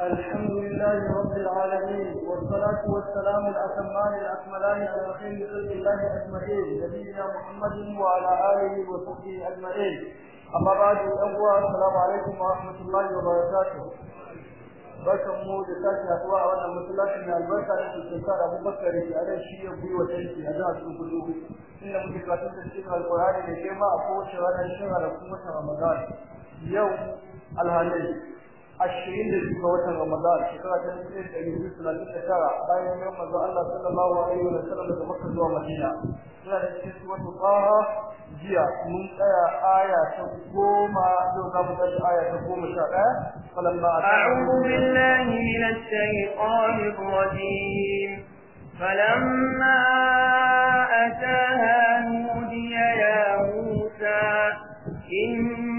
الحمد لله رب العالمين والصلاة والسلام الأتمان الأكملان على خير خلق الله أجمعين نبينا محمد وعلى آله وصحبه أجمعين أما بعد الأول السلام عليكم ورحمة الله وبركاته barkan mu da sake haduwa a wannan masallacin da albarka da ke kyauta da Abubakar da Allah shi ya buyi wa tanki a jihar Kudu inda muke fatan da cikin alƙur'ani da girma a kowace ranar shahara kuma ta Ramadan yau alhamis ashirin da suka watan ramadan shekara ta ɗaya da ɗari biyu talatin da tara bayan yau manzo Allah sallallahu alaihi wa sallam daga Makka zuwa Madina suna da cikin suratul Taha jiya mun tsaya aya ta goma zo za mu tashi aya ta goma sha ɗaya falamma a'udhu billahi minash shaitanir rajim فلما أتاها نودي يا موسى إن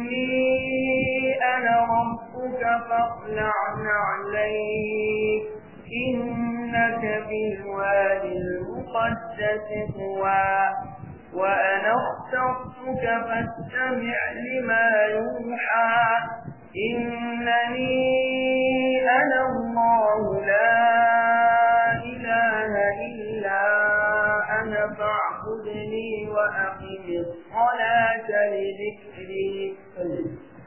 فاخلع نعليك إنك بالوادي المقدس طوى وأنا اخترتك فاستمع لما يوحى إنني أنا الله لا إله إلا أنا فاعبدني وأقم الصلاة لذكري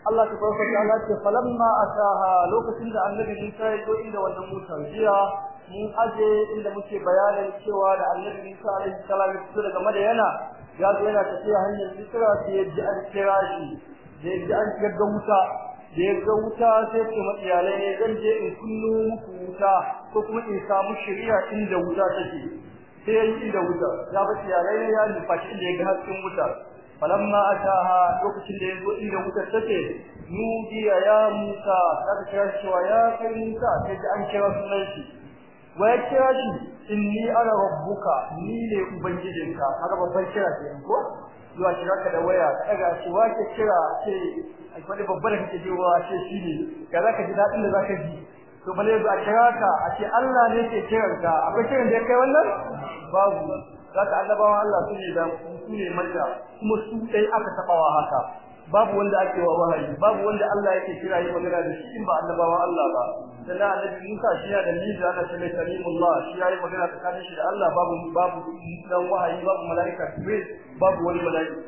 Allah ta farko ta Allah ce falamma ataha lokacin da annabi Isa ya zo inda wannan mutan jiya mun aje inda muke bayanin cewa da annabi Isa alaihi salam ya fito daga Madayana ya zo yana tafiya hanyar Isra sai ya ji an kira shi da ya ji an kira Musa da ya ga wuta sai ce matsiyalai ne zan je in kullu muku wuta ko kuma in samu shari'a inda wuta take sai ya yi inda wuta ya ba tsiyalai ne ya nufashi da ya ga hasken wuta falamma ataha lokacin da yazo inda wutar take nudiya ya Musa daga kira shi wa ya kai Musa sai ji an kira sunan shi wa ya kira shi inni ana rabbuka ni ne ubangijinka har babban kira kenan ko zuwa kira ka da waya daga shi wa ke kira ce akwai babban da kake jewa ce shine kaza ka ji dadin da zaka ji to bale yanzu a kira ka a ce Allah ne ke kiranka akwai kiran da kai wannan babu zaka annabawan Allah su ne da su ne mata kuma su dai aka tabawa haka babu wanda ake wa wahayi babu wanda Allah yake kira yi magana da shi in ba annabawa Allah ba sannan annabi Musa shi ya da miza na sallai kalimullah shi ya yi magana tsakanin shi da Allah babu babu dan wahayi babu malaika Jibril babu wani malaika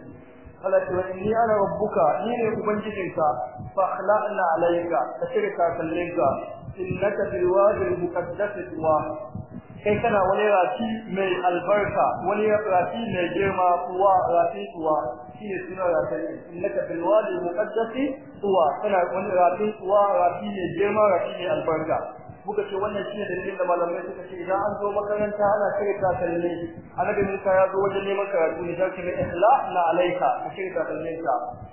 Allah ce ni ana rabbuka ni ne ubangijin ka fa khla'na alayka ta shirka kallinka innaka bil wadi al muqaddas wa kai kana wani rafi mai albarka wani rafi mai girma kuwa rafi kuwa shi ne suna rafi innaka bil wadi muqaddasi kuwa kana wani rafi kuwa rafi mai girma rafi mai albarka muka ce wannan shi ne dalilin da malamai suka ce idan an zo makaranta ana cire A annabi Musa ya zo wajen neman karatu ne sai mai ihla na alaika ka cire kalmai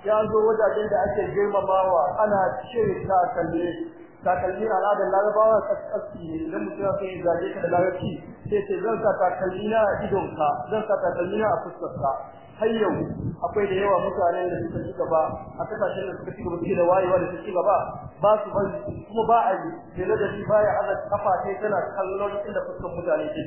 ya zo wajajen da ake girmamawa ana cire kalmai takalmi al'adar larabawa kaskasi ne idan mutum ya so ya zage ka da larabci sai ce zan sa takalmi na a idonka zan sa takalmi na a fuskarka har yau akwai da yawa mutane da suka ci gaba a kasashen da suka ci gaba da wayewa da ci gaba ba su ban kuma ba a yi da ladabi baya azar kafa sai tana kallon inda fuskar mutane ke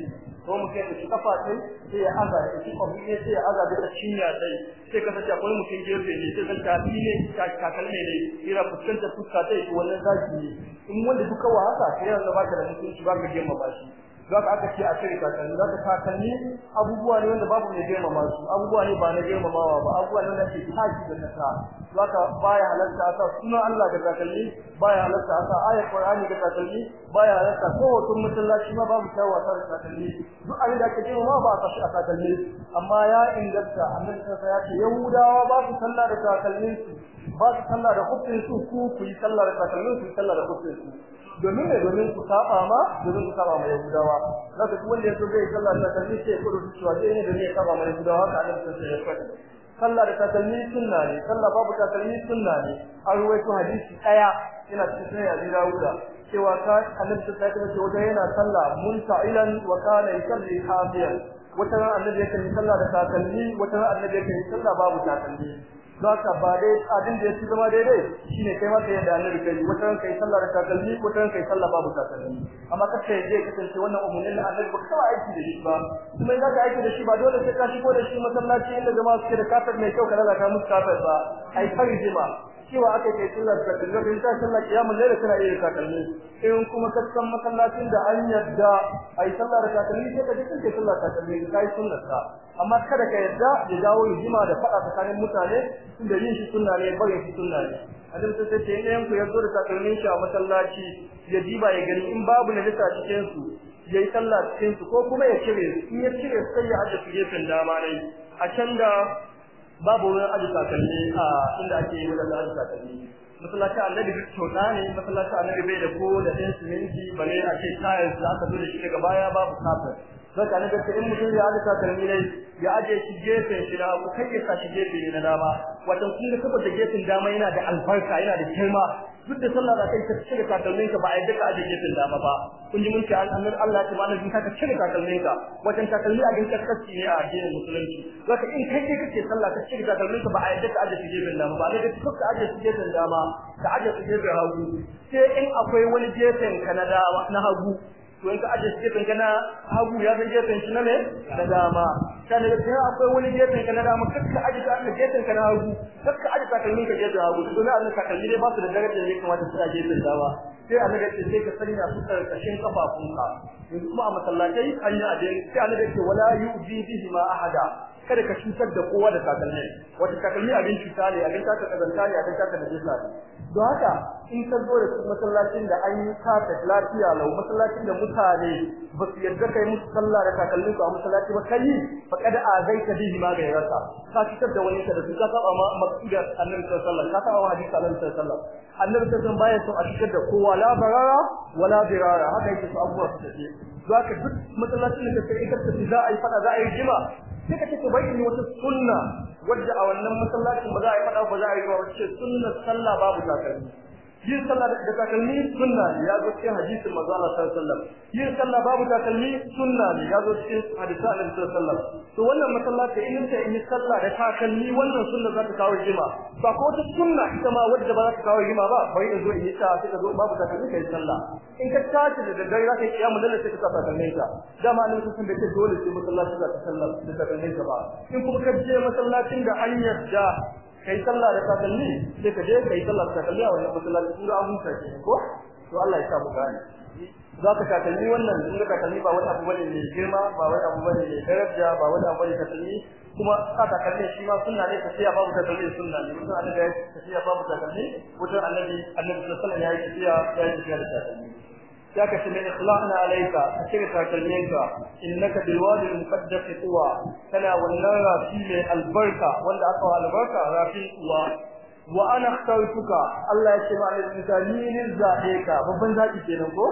ko mutum ya ci kafa sai sai ya aza ya ci kofi ne sai ya aza da cinya sai sai ka sace akwai mutum gefe ne sai zan tafi ne ta takalme ne ira fuskantar fuska sai to wannan zaki ne in wanda duka wa haka sai yanzu ba ka da mutunci ba ka girma ba shi za ka aka ce a cire takalmi za ka takalmi abubuwa ne wanda babu mai girmama su abubuwa ne ba na girmamawa ba abubuwa ne wanda ke tashi da kasa zaka baya halarta aka sunan Allah da takalli baya halarta aka ayat Qur'ani da takalli baya halarta ko wutun musallaci ma babu tawa tar takalli duk abin da ake cewa ma ba ta shi aka takalli amma ya inganta annabi sai ya ce yahudawa ba su sallah da takallin su ba su sallah da hukun su ku ku yi sallah da takallin su sallah da hukun su domin ne domin ku saba ma domin ku saba ma yahudawa zaka wanda ya so zai sallah da takalli sai ku rubuta cewa ne da ne saba ma yahudawa ka annabi sai ya faɗi sallah da takalmi sunna ne sallah babu takalmi sunna ne an ruwaito hadisi daya yana cikin sunan Abi Dawud cewa ka annabi sallallahu alaihi wasallam wata yana sallah munta'ilan wa kana yusalli hafiyan wata annabi yake sallah da takalmi wata ran annabi yake sallah babu takalmi za ka ba dai abin da ya ci zama daidai ne kai masa yadda annabi kai wata ran kai sallah da takalmi wata ran kai sallah babu takalmi amma ka je zai kasance wannan umurnin da annabi ba kawai aiki da shi ba kuma in za ka aiki da shi ba dole sai ka shigo da shi masallaci inda jama'a suke da kafir mai kyau ka lalata musu kafir ba ai fari ba cewa aka ce sallar ta dinga bin ta sallar kiyamul laila kana iya takalmi in kuma ka san masallacin da an yadda ai da takalmi sai ka dinga sallar takalmi kai sunan ta amma kada ka yadda ya dawo hijima da fada tsakanin mutane tunda yin shi sunna ne bare shi sunna ne adam sai sai ne yanku da takalmin shi a masallaci ya diba ya gani in babu ne lissa cikin su yayi sallah cikin su ko kuma ya cire in ya cire sai ya ajiye gefen dama ne a can da babu wurin aji takalmi a inda ake yi wadanda aji takalmi masallacin annabi duk kyauta ne masallacin annabi bai da ko da ɗan siminti bale a ce tayar za ka zo da shi daga baya babu kafin zaka ne gaske, in mutum ya aji takalmi ne ya aje shi gefen shi da ku kai ya sa shi gefe ne na dama wato kun ga saboda gefen dama yana da albarka yana da girma duk da sallah da ta ta cire takalmin ka ba a yadda ka aje gefen dama ba kun ji mun ce an annabi Allah ta mana jin ka cire takalmin ka wajen takalmi a ginka kaski ne a addinin musulunci zaka in kai kai kake sallah ka cire takalmin ka ba a yadda ka aje gefen dama ba ne ka ka aje gefen dama ka aje gefen hagu sai in akwai wani gefen ka na hagu to in ka aje gefen ka na hagu ya san gefen shi na me da dama sai daga cikin akwai wani gefen ka na dama kakka aje ka aje gefen ka na hagu kakka aje takalmin ka gefen hagu to na annabi takalmi ne ba su da darajar ne kamata su aje gefen dama sai annabi ce sai ka sani sanya su karkashin kafafunka yanzu kuma a masallatai an yi aje sai annabi ce wala yu'zi bihi ma ahada kada ka cutar da kowa da takalmi wata takalmi abin cuta ne abin taka kazanta ne abin taka najisa ne don haka in ka zo da masallacin da an yi kata lafiya lau masallacin da mutane ba su yarda kai musu sallah da takallu su a masallaci ba kai fa kad azaita bihi ma ga yarka ka ci da wani da su ka saba ma maqsidar annabi sallallahu alaihi wasallam ka saba hadisi annabi sallallahu alaihi wasallam annabi sallallahu alaihi wasallam a fitar da kowa la barara wala birara haka yake su abuwa su ce zaka duk masallacin da kai ka tafi za a yi fada za a yi jima sai ka ce to bayyana wata sunna wadda a wannan masallacin ba za a yi fada ba za a yi ba wacce sunnar sallah babu takalmi yin sallah da takalmi sunna ne ya zo cikin hadisin manzo Allah sallallahu alaihi wasallam yin sallah babu takalmi sunna ne ya zo cikin hadisin sallallahu alaihi wasallam to wannan masallaci in ta yi sallah da takalmi wannan sunna za ta kawo jima ba ko ta sunna ita ma wadda ba za ta kawo jima ba bai zo in yi ta sai ka zo babu takalmi kai sallah in ka tace da daddare za ka yi kiyamu lalle sai ka sa takalmin ka dama Annabi sun da ke dole sai masallaci za ta sallah da takalmi ka ba in kuma ka je masallacin da hanyar da. kai sallah da takalmi sai ka je kai sallah da takalmi a wannan masallaci kun abun sai ke ko to Allah ya sa mu gane za ka takalmi wannan in ka takalmi ba wani abu bane mai girma ba wani abu bane mai daraja ba wani abu bane takalmi kuma ka takalmi shi ma sunna ne ka tiya babu takalmi sunna ne mutum Allah ya tiya babu takalmi mutum annabi annabi sallallahu alaihi wasallam ya tiya ya tiya da takalmi ذاك من إخلاقنا عليك أشرك كلميك إنك بالواد المقدس طوى كلا والنار فيه البركة ولا أقوى البركة رافي طوى وأنا اخترتك الله يشفع للإنسان من الزاهيك babban zaki kenan ko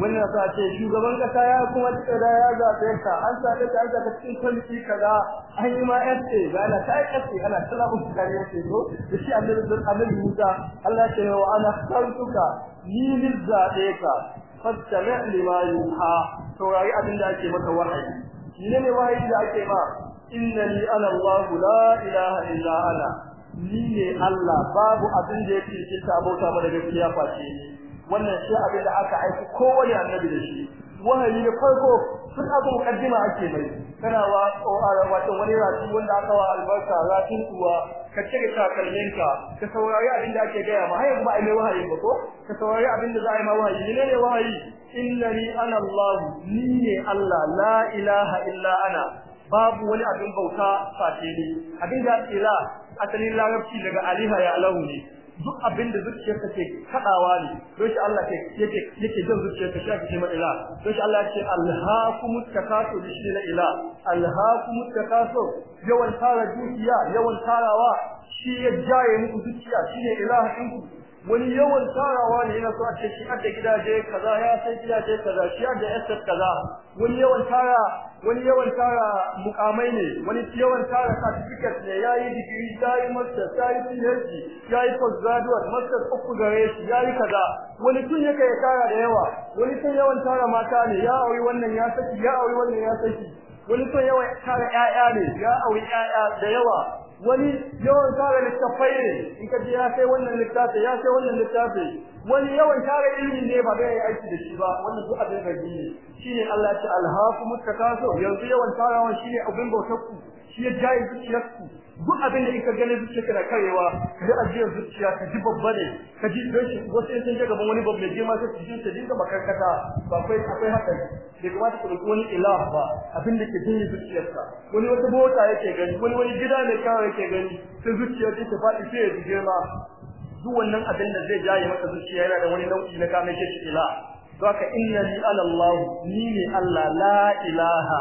wannan sa ce shugaban kasa ya kuma tsada ya zabe ka an saka ka an saka cikin kwaliti kaza an yi ma yace ga na ta ana talabu kare yace ko da shi annabi annabi Musa Allah ya ce wa ana اخترتك ni zabe ka fastami' lima yuha saurari abin da ake maka wahayi ne wahayi da ake ma innani ana Allah la ilaha illa ana ni ne Allah babu abin da yake kitabo ta ba da gaskiya face ni wannan shi abin da aka aika kowane annabi da shi wahayi na farko sun aka mukaddima ake mai kana wa wato wani rafi wanda aka wa albarka rafin kuwa ka cire takalminka ka saurari abin da ake gaya ma har yanzu ba a mai wahayi ba ko ka saurari abin da za a yi ma wahayi ne ne wahayi innani ana Allah ni ne Allah la ilaha illa ana babu wani abin bauta face ni abin da ila asalin larabci daga aliha ya alahu ne duk abin da zuciyarka ke kadawa ne don shi Allah ke yake yake jin zuciyarka shi ake cewa ila don shi Allah ce alhaakum takasu shi ne ila alhaakum mutakaso yawan tara dukiya yawan tarawa shi ya jaye muku zuciya shine ilahinku wani yawan tarawa ne yana so a ce shi ake gidaje kaza ya sai gidaje kaza shi a da yasar kaza wani yawan tara wani yawan tara mukamai ne wani yawan tara certificate ne ya yi digiri ya yi master yayi PhD yi postgraduate master uku gare shi yi kaza wani tun yake ya tara da yawa wani tun yawan tara mata ne ya auri wannan ya saki ya auri wannan ya saki wani tun yawan tara ƴaƴa ne ya auri ƴaƴa da yawa wani yawan tara littafai ne in ka ji ya kai wannan littafi ya kai wannan littafi wani yawan tare ilimi ne ba zai yi aiki da shi ba wannan duk abin da ne shine Allah ya ce alhaakum takaso yanzu yawan tarawa shine abin bautar ku shi ya jaye zuciyarku, duk abin da kika gani zuciyarka da karewa da ajiyar zuciya ka ji babba ne ka ji don wasu sun je gaban wani mai je ma sai su jinta dinga makarkata ba akwai akwai haka ne da kuma wani ilah ba abin da ke jini zuciyarka wani wata bota yake gani wani wani gida ne kawai yake gani sai zuciyar ta fadi sai ya ji girma duk wannan abin da zai jaye maka zuciya yana da wani nau'i na kamar shi ila to haka inna li allah ni ne allah la ilaha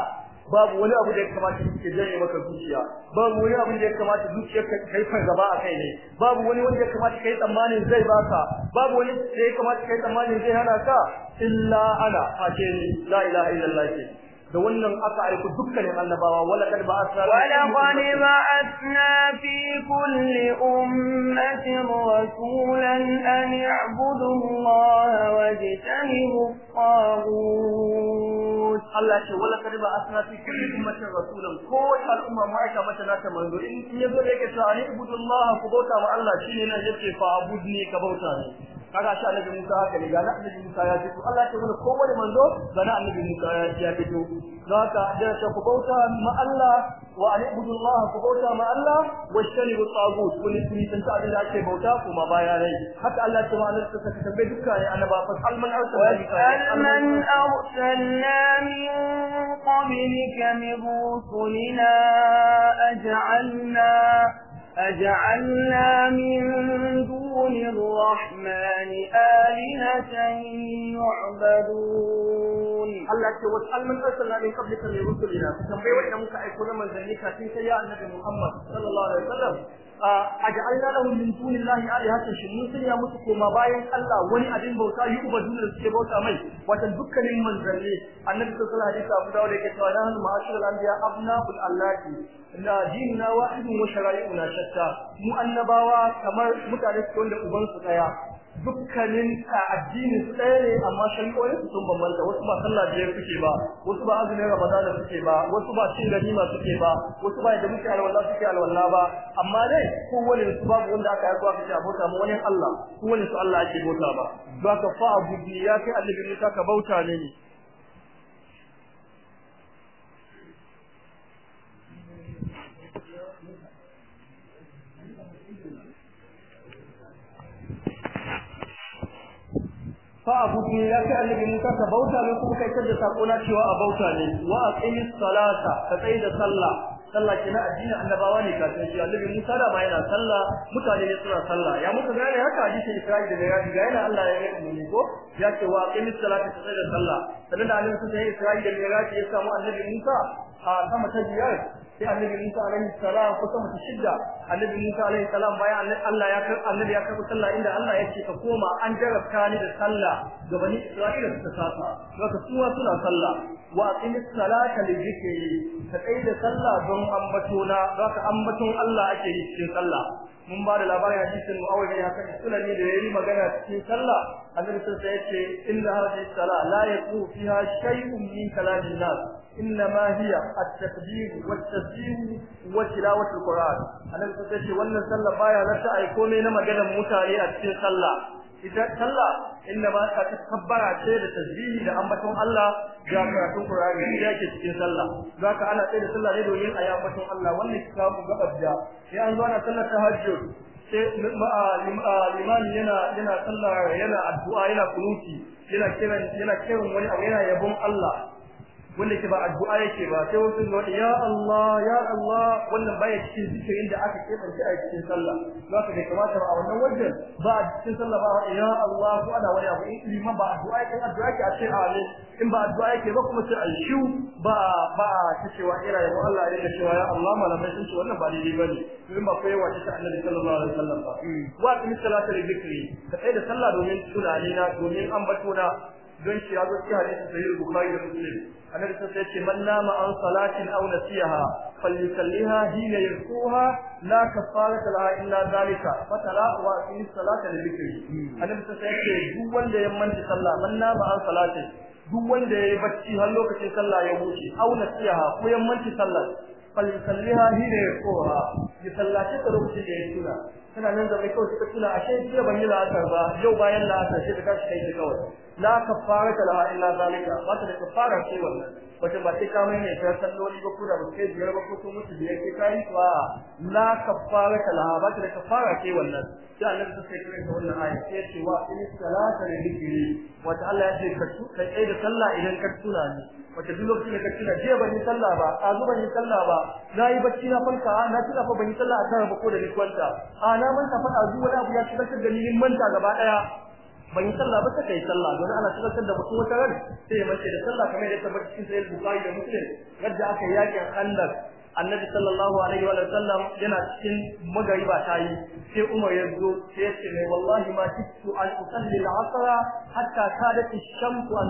babu wani abu da ya kamata ke jaye maka zuciya babu wani abu da ya kamata zuciya ka kai fa gaba a kai ne babu wani wanda ya kamata kai tsammanin zai baka babu wani da ya kamata kai tsammanin zai hana ka illa ana fa ce la ilaha illallah da wannan aka aiko dukkanin annabawa wala kad ba'athna wala qad ba'athna fi kulli ummatin rasulan an ya'budu Allah wa yajtanibu Allah ce wala kad ba'athna fi kulli ummatin rasulan ko al'umma ma aka mata na ta manzo in yazo yake cewa an ya'budu Allah ku bauta wa Allah shine nan yake fa abudni ka bauta ne kaga shi annabi Musa haka ne ga annabi Musa ya fito Allah ya mana kowane manzo ga annabi Musa ya fito zaka da ta ku bauta ma Allah wa anibudu Allah ku bauta ma Allah wa shanibu tagut kun ni tun ta da ake bauta kuma baya rai haka Allah ta mana ta saka tambaye duka ne annaba fa salman arsalan arsalna min qablika min rusulina aj'alna أجعلنا من دون الرحمن آلهة يعبدون الله سوال حل من أرسلنا من قبلك رسلنا كم بيوحنا مكا أكون من ذلك سيئة النبي محمد صلى الله عليه وسلم aj'alna lahum min dunillahi alihatan shin mun sanya musu koma bayan Allah wani abin bauta yi uba duniya suke bauta mai wata dukkanin manzanni annabi sallallahu alaihi wasallam dawo da yake cewa nahnu ma'ashirul anbiya abna'ul allati na dinna wahidun wa shara'i'una mu annabawa kamar mutane su wanda uban su dukkanin a addinin su ɗaya ne amma shari'o'in su sun bambanta wasu ba sallah biyar suke ba wasu ba azumin ramadana suke ba wasu ba cin ganima suke ba wasu ba da muke alwala suke alwala ba amma dai kowane su babu wanda aka yarda aka a abota mu wani Allah kowane su Allah ake bauta ba ka fa abu ya kai annabi ka bauta ne fa abuti ya ce annabi Musa ka bauta ne kuma kai da sako na cewa a bauta ne wa aqimis salata ka tsai da sallah sallah kina addinin annabawa ne kafin shi annabi Musa da ba yana sallah mutane ne suna sallah ya muka gane haka hadisin Isra'il da ya ga yana Allah ya yi umuni ko ya ce wa aqimis salata ka tsai da sallah sannan da annabi Musa ya Isra'il da ya ga ya samu annabi Musa a sama ta jiyar? sai annabi Isa alaihi salam kusan mutu shidda annabi Musa alaihi salam bayan Allah ya kar annabi ya karɓi sallah inda Allah ya ce ka koma an jarabta ni da sallah ga bani Isra'ila suka sasa saka suwa suna sallah wa aqimis salata li dhikri ka da sallah don ambato na saka ambaton Allah ake yi cikin sallah mun ba da labarin hadisin mu'awiyah ya hasan sulami da yayi magana cikin sallah annabi sai ce inna hadhihi salah la yaqu fiha shay'un min kalamin nas إنما هي التقدير والتسليم وتلاوة القرآن أنا كنت أشي وأن صلى بايا لسا أيكون إنما جدا متعلي أتكين صلى إذا صلى إنما تكبر عشير تسليم إذا أمتهم الله جاء كراتون قرآن إذا كتكين صلى ذاك أنا تيد صلى غير وين أيامتهم الله وأن كتاب قبض جاء لأن أنا صلى تهجد limani yana yana sallah yana addu'a yana kunuti yana kiran yana kiran wani abu yana yabon Allah wanda ke ba addu'a yake ba sai wasu ga wani ya Allah ya Allah wannan baya cikin zikirin da aka kebance a cikin sallah za ka ga kamata a wannan wajen ba a cikin sallah ba ya Allah ko ana wani abu in liman ba addu'a yake addu'a yake a ce amin in ba addu'a yake ba kuma sai a shiu ba ba ta cewa ira ya Allah ya rika cewa ya Allah malamai sun ce wannan ba daidai bane in ba kai wace ta annabi sallallahu alaihi wasallam ba hmm. wa ta misalata da zikiri ka tsaya da sallah domin tunani na domin ambato na don shi ya zo cikin hadisi sahih bukhari da muslim annabi sai ya ce man nama an salatin aw nasiha falyusalliha hina yasuha la kafarata laha illa zalika fatala wa aqim salata da dhikri hmm. annabi sai ce duk wanda ya manta sallah man nama an salatin duk wanda ya yi bacci har lokacin sallah ya wuce aw nasiha ko ya manta sallah falyusalliha hina yakuha ya sallace ta lokacin da ya tuna tana nan da zama kawai suka tuna ashe jiya ban yi la'asar ba yau bayan la'asar sai ta tashi kai ta kawai la kafara ta laha illa zalika ba ta da kafara ce wannan wace ba sai ka mai ne ta salloli ba ko da ba kai biyar ba ko ko mutu biyar ke kai ba la kafara ta laha ba ta da kafara ce wannan sai annabi sai ya kira wannan aya sai ce wa in salata li dhikri wa Allah ya ce ka tsaye da sallah idan ka tuna ni wata duk lokacin da kake jiya ban yi sallah ba a ban yi sallah ba na yi bacci na farka na tuna fa ban yi sallah a kan ba ko da ni kwanta a na manta fa a zuwa abu ya tabbatar da ni manta gaba daya ban yi sallah ba sai sallah don ana tabbatar da mutum wata ran sai ya mace da sallah kamar yadda tabbata sai ya bukhari da muslim yadda aka yakin Allah annabi sallallahu alaihi wa sallam yana cikin magariba ta yi sai umar ya zo sai ya ce mai wallahi ma kittu an usalli al-asr ta da ash-shamsu an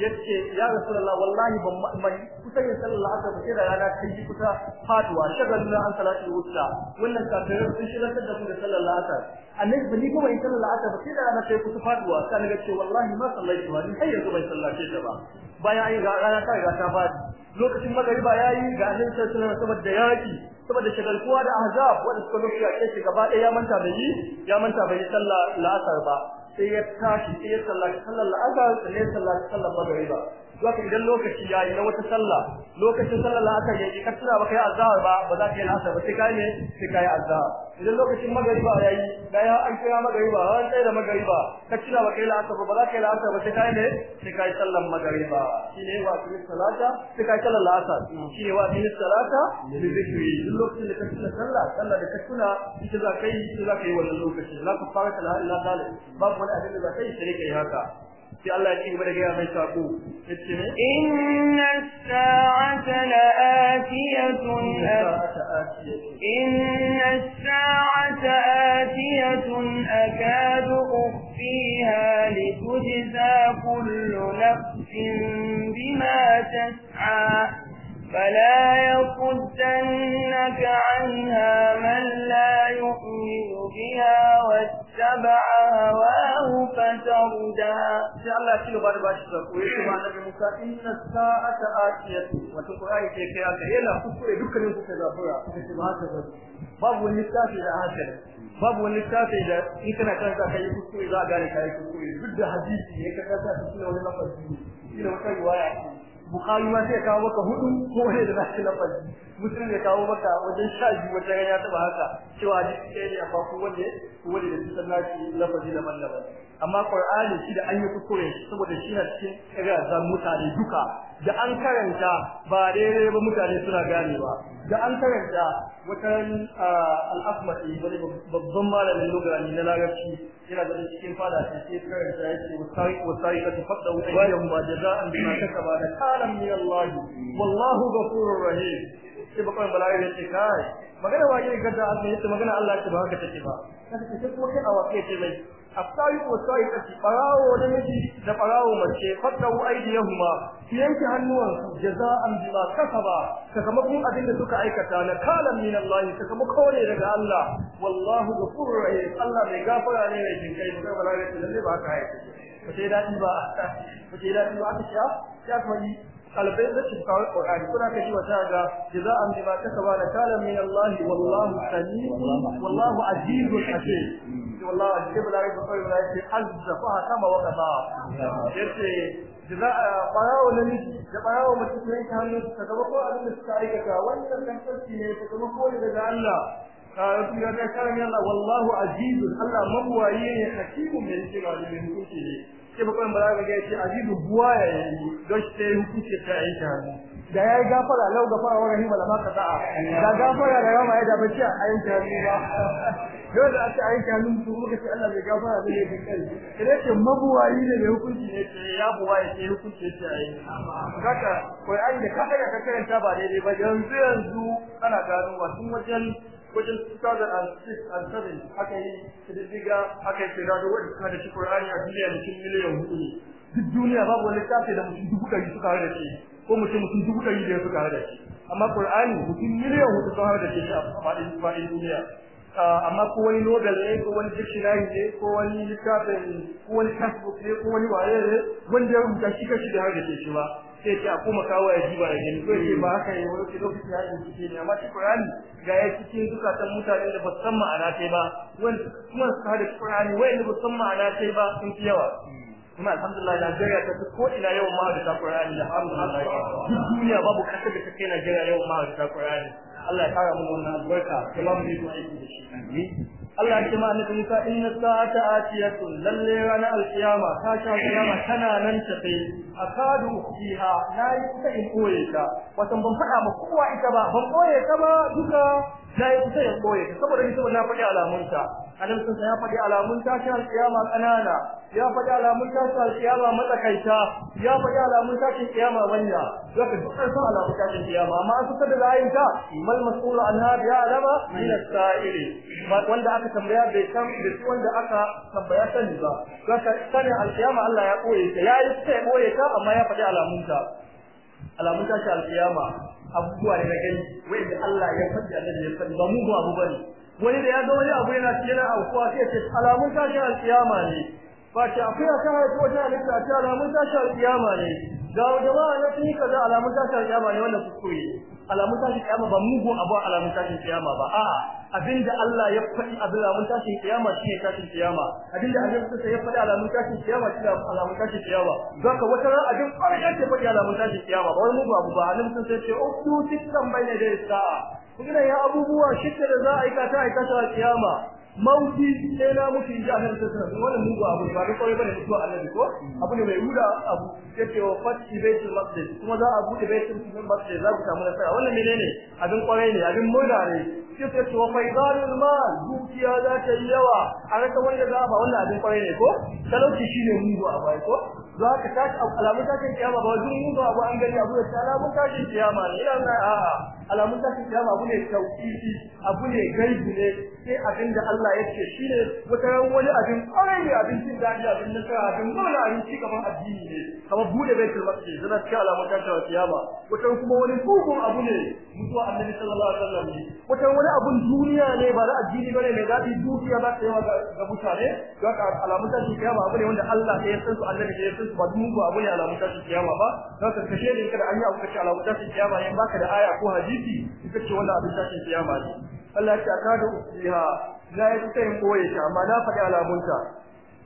Ya ce ya rasulullah wallahi ban kusa yin sallar al-asr ba sai da rana ta yi kusa faduwa shagalna an salati wuta. wannan kafirin sun shigar da mu da sallar al-asr annabi ban yi kuma yin sallar al-asr ba sai da rana ta yi kusa faduwa sai ga ce wallahi ma sallaitu wa ni sai yanzu bai sallace ta ba bayan yi ga rana ta ga ta fadi lokacin magariba yayi ga annabi sai alaihi saboda yaki saboda kuwa da ahzab wanda suka nufi a kai gaba ɗaya ya manta bai yi ya manta bai yi sallah la'asar ba sai ya tashi sai ya sallaci sallar la'asar sai ya sallah sallar magariba zaka idan lokaci ya yi na wata sallah lokacin sallar la'asar yi, ka tuna baka yi azhar ba ba za ka yi la'asar ba sai kai ne sai ka yi azhar idan lokacin magariba ya yi, da ya an kira magriba an sai da magariba, ka tuna baka yi la'asar ba za ka yi la'asar ba sai kai ne sai kai sallar magriba shine wa fi salata sai kai sallar la'asar shine wa fi salata li zikri Idan lokacin da ka tuna sallah sallah da ka tuna ita za ka yi ita za ka yi wannan lokacin la ka fara sallah illa dalil babu wani abin da za ka yi sai kai haka إن الساعة لآتية إن الساعة آتية أكاد أخفيها لتجزى كل نفس بما تسعى فلا يصدنك عنها من لا يؤمن بها واتقى اتبع هواه فتردى يا الله كيلو بعد باش تقول يسمع النبي موسى إن الساعة آتية وتقرأي كيف يا كيلا babu wani littafi da hakan babu wani littafi da in kana ka kuskure za a gane ka yi kuskure duk da hadisi ne ka kasa su wani lafazi ne wata riwaya bukari ma sai kawo maka hudu ko wani da zai lafazi musulmi ya kawo maka wajen sha biyu wata ta ba haka cewa duk sai ne amma ko wanda ko wanda da sunan nashi lafazi da mallaba amma qur'ani shi da an yi kuskure saboda shi na cikin ƙirazan mutane duka da an karanta ba daidai ba mutane suna gane ba da an karanta wata ah, al-asmati babban malamin lugani na larabci yana ganin cikin fada sai sai karanta yace wasai wasai ka tafadda wajen ba jaza'an bima kasaba da kalam min Allah wallahu ghafurur rahim sai bakon bala'i yace kai magana wajen gadda Allah yace magana Allah ce ba haka take ba kace sai kuma kai a wakai ce mai asayu wa sa'i da farawo da miji da farawo mace fatahu aydiyahuma su yanke hannuwansu jaza'an bima kasaba sakamakon abin da suka aikata na kalan min Allah sakamako ne daga Allah wallahu ghafurur rahim Allah mai gafara ne mai jinkai da balare da ba ka haife ku sai dadi ba ku sai dadi ba ta ya kuma kalbai da cikin kawai Qur'ani kuna kashi wata ga jaza'an bima kasaba na kalan min Allah wallahu samiu wallahu azizul hakim wallahi al-jibal ya wa qada yace jaza barawo ne da barawo mutum ne ta hannu ta da suka aikata wannan kan tsarki ne ta gaba ko daga Allah kayan ya ta kare Allah wallahu azizun Allah mai hikima da mai da ya gafara lau gafara wa rahima lama maka ta'a da gafara da yawa ya da bace a ayin ta ba dole da aka ayin ta nun muka ce Allah mai gafara da yake kai sai ce mabuwayi ne da hukunci ne ce ya buwa ya ce hukunci ya ce yi kaka an da kada ka ta ba daidai ba yanzu yanzu ana gano wa tun wajen wajen 2006 and 7 aka yi kididdiga aka yi tsira da wani suka shi Qur'ani a duniya da cikin miliyan hudu duk duniya babu wani littafi da mutum dubu ɗari suka da shi ko mutum mutum dubu ɗari da suka hada shi amma qur'ani mutum miliyan hudu sun hada shi a faɗin faɗin duniya amma ko wani nobel ne ko wani dictionary ne ko wani littafin ko wani textbook ne ko wani waye ne wanda ya rubuta shi kashi da hada shi ba sai ce a koma kawo ya jiba ya gani ko ce ba haka ne wani ke lokacin ya ɗin cikin ne amma shi qur'ani ga ya cikin zukatan mutane da ba san ma'ana sai ba Wani kuma su hada qur'ani wanda ba san ma'ana sai ba sun fi yawa kuma alhamdulillah Najeriya ta ko ina yawan da Qur'ani da alhamdulillah duniya babu kasar da ta kai Najeriya yawan da Qur'ani Allah ya kara mun wannan albarka kuma mu yi aiki da shi Allah ya kuma annabi Musa inna sa'ata atiyatun lalle ranar alkiyama ta sha kiyama tana nan tafe akadu fiha nayi kusa in koye ta wato ban faɗa ma kowa ita ba ban koye ta ba duka nayi kusa in koye ta saboda ni saboda na faɗi alamunta annabinsa ya faɗi alamun tashin alƙiyama ƙanana ya faɗi alamun tashin alƙiyama matsakaita ya faɗi alamun tashin ƙiyama manya zaka duk su alamun tashin ƙiyama amma an kada da ra'ayinka mal mas'ulu anha bi alama min as-sa'ili wanda aka tambaya bai san da wanda aka tambaya sani ba zaka sani alƙiyama Allah ya koye ta ya yi sai koye ta amma ya faɗi alamun ta alamun tashin alƙiyama abubuwa ne na gani wanda Allah ya faɗi annabi ya san ba mu ba abu bane wani da ya zo wani abu yana cikin aukuwa sai ya ce alamun tashin alƙiyama ne ba ce akwai aka haifi wata halitta a ce alamun tashin alƙiyama ne ga jama'a na sun kaza alamun tashin alƙiyama ne wanda kuskure alamun tashin alƙiyama ba mugun abu alamun tashin alƙiyama ba a'a abinda Allah ya faɗi a alamun tashin shi ne tashin alkiyama abinda Allah ya faɗi alamun tashin shi ne alamun tashin alkiyama ka wata ran abin farko ya faɗi alamun tashin alƙiyama ba wani mugun abu ba annabi sun sai ce su tikkan bayna da sa'a kuginan ya abubuwa shidda da za a yi kata a kiyama mauti sai na mutu in ji a nan sassan wani mugu abu ba da kawai bane annabi ko abu ne mai huda abu ce wa fati baitul maqdis kuma za a bude baitul maqdis za ku samu nasara wannan menene abin kwarai ne abin murna kisa ce to faidanul mal dukiya za ta yi yawa a raka wanda za ba wannan abin kwarai ne ko talauci shi ne mudu a bai ko za ka tashi alamun tashin kiyama ba wajen mudu abu an gani abu da alamun tashin kiyama ne ina na a alamun tashin kiyama abu ne tauqifi abu ne gaibi ne sai abin da Allah ya ce shi ne wata ran wani abin kwarai ne abin cin dadi abin na nasara abin dole abin ci kamar addini ne kamar bude baitul maqdis zana ci alamun tashin kiyama wata kuma wani kugun abu ne mutuwa annabi sallallahu alaihi wasallam wata wani abun duniya ne ba na addini bane mai zafi duniya ba ta yi ga mutane ga alamun tashi kiyama abu ne wanda Allah ya san su annabi ya san su ba mugu abu ne alamun tashi kiyama ba don ka kashe ne kada an yi abu kashe alamun tashi kiyama ne baka da aya ko hadisi ita ce wanda abin tashi kiyama ne Allah ya ce akadu fiha la yastayin boye ta amma na faɗi alamunta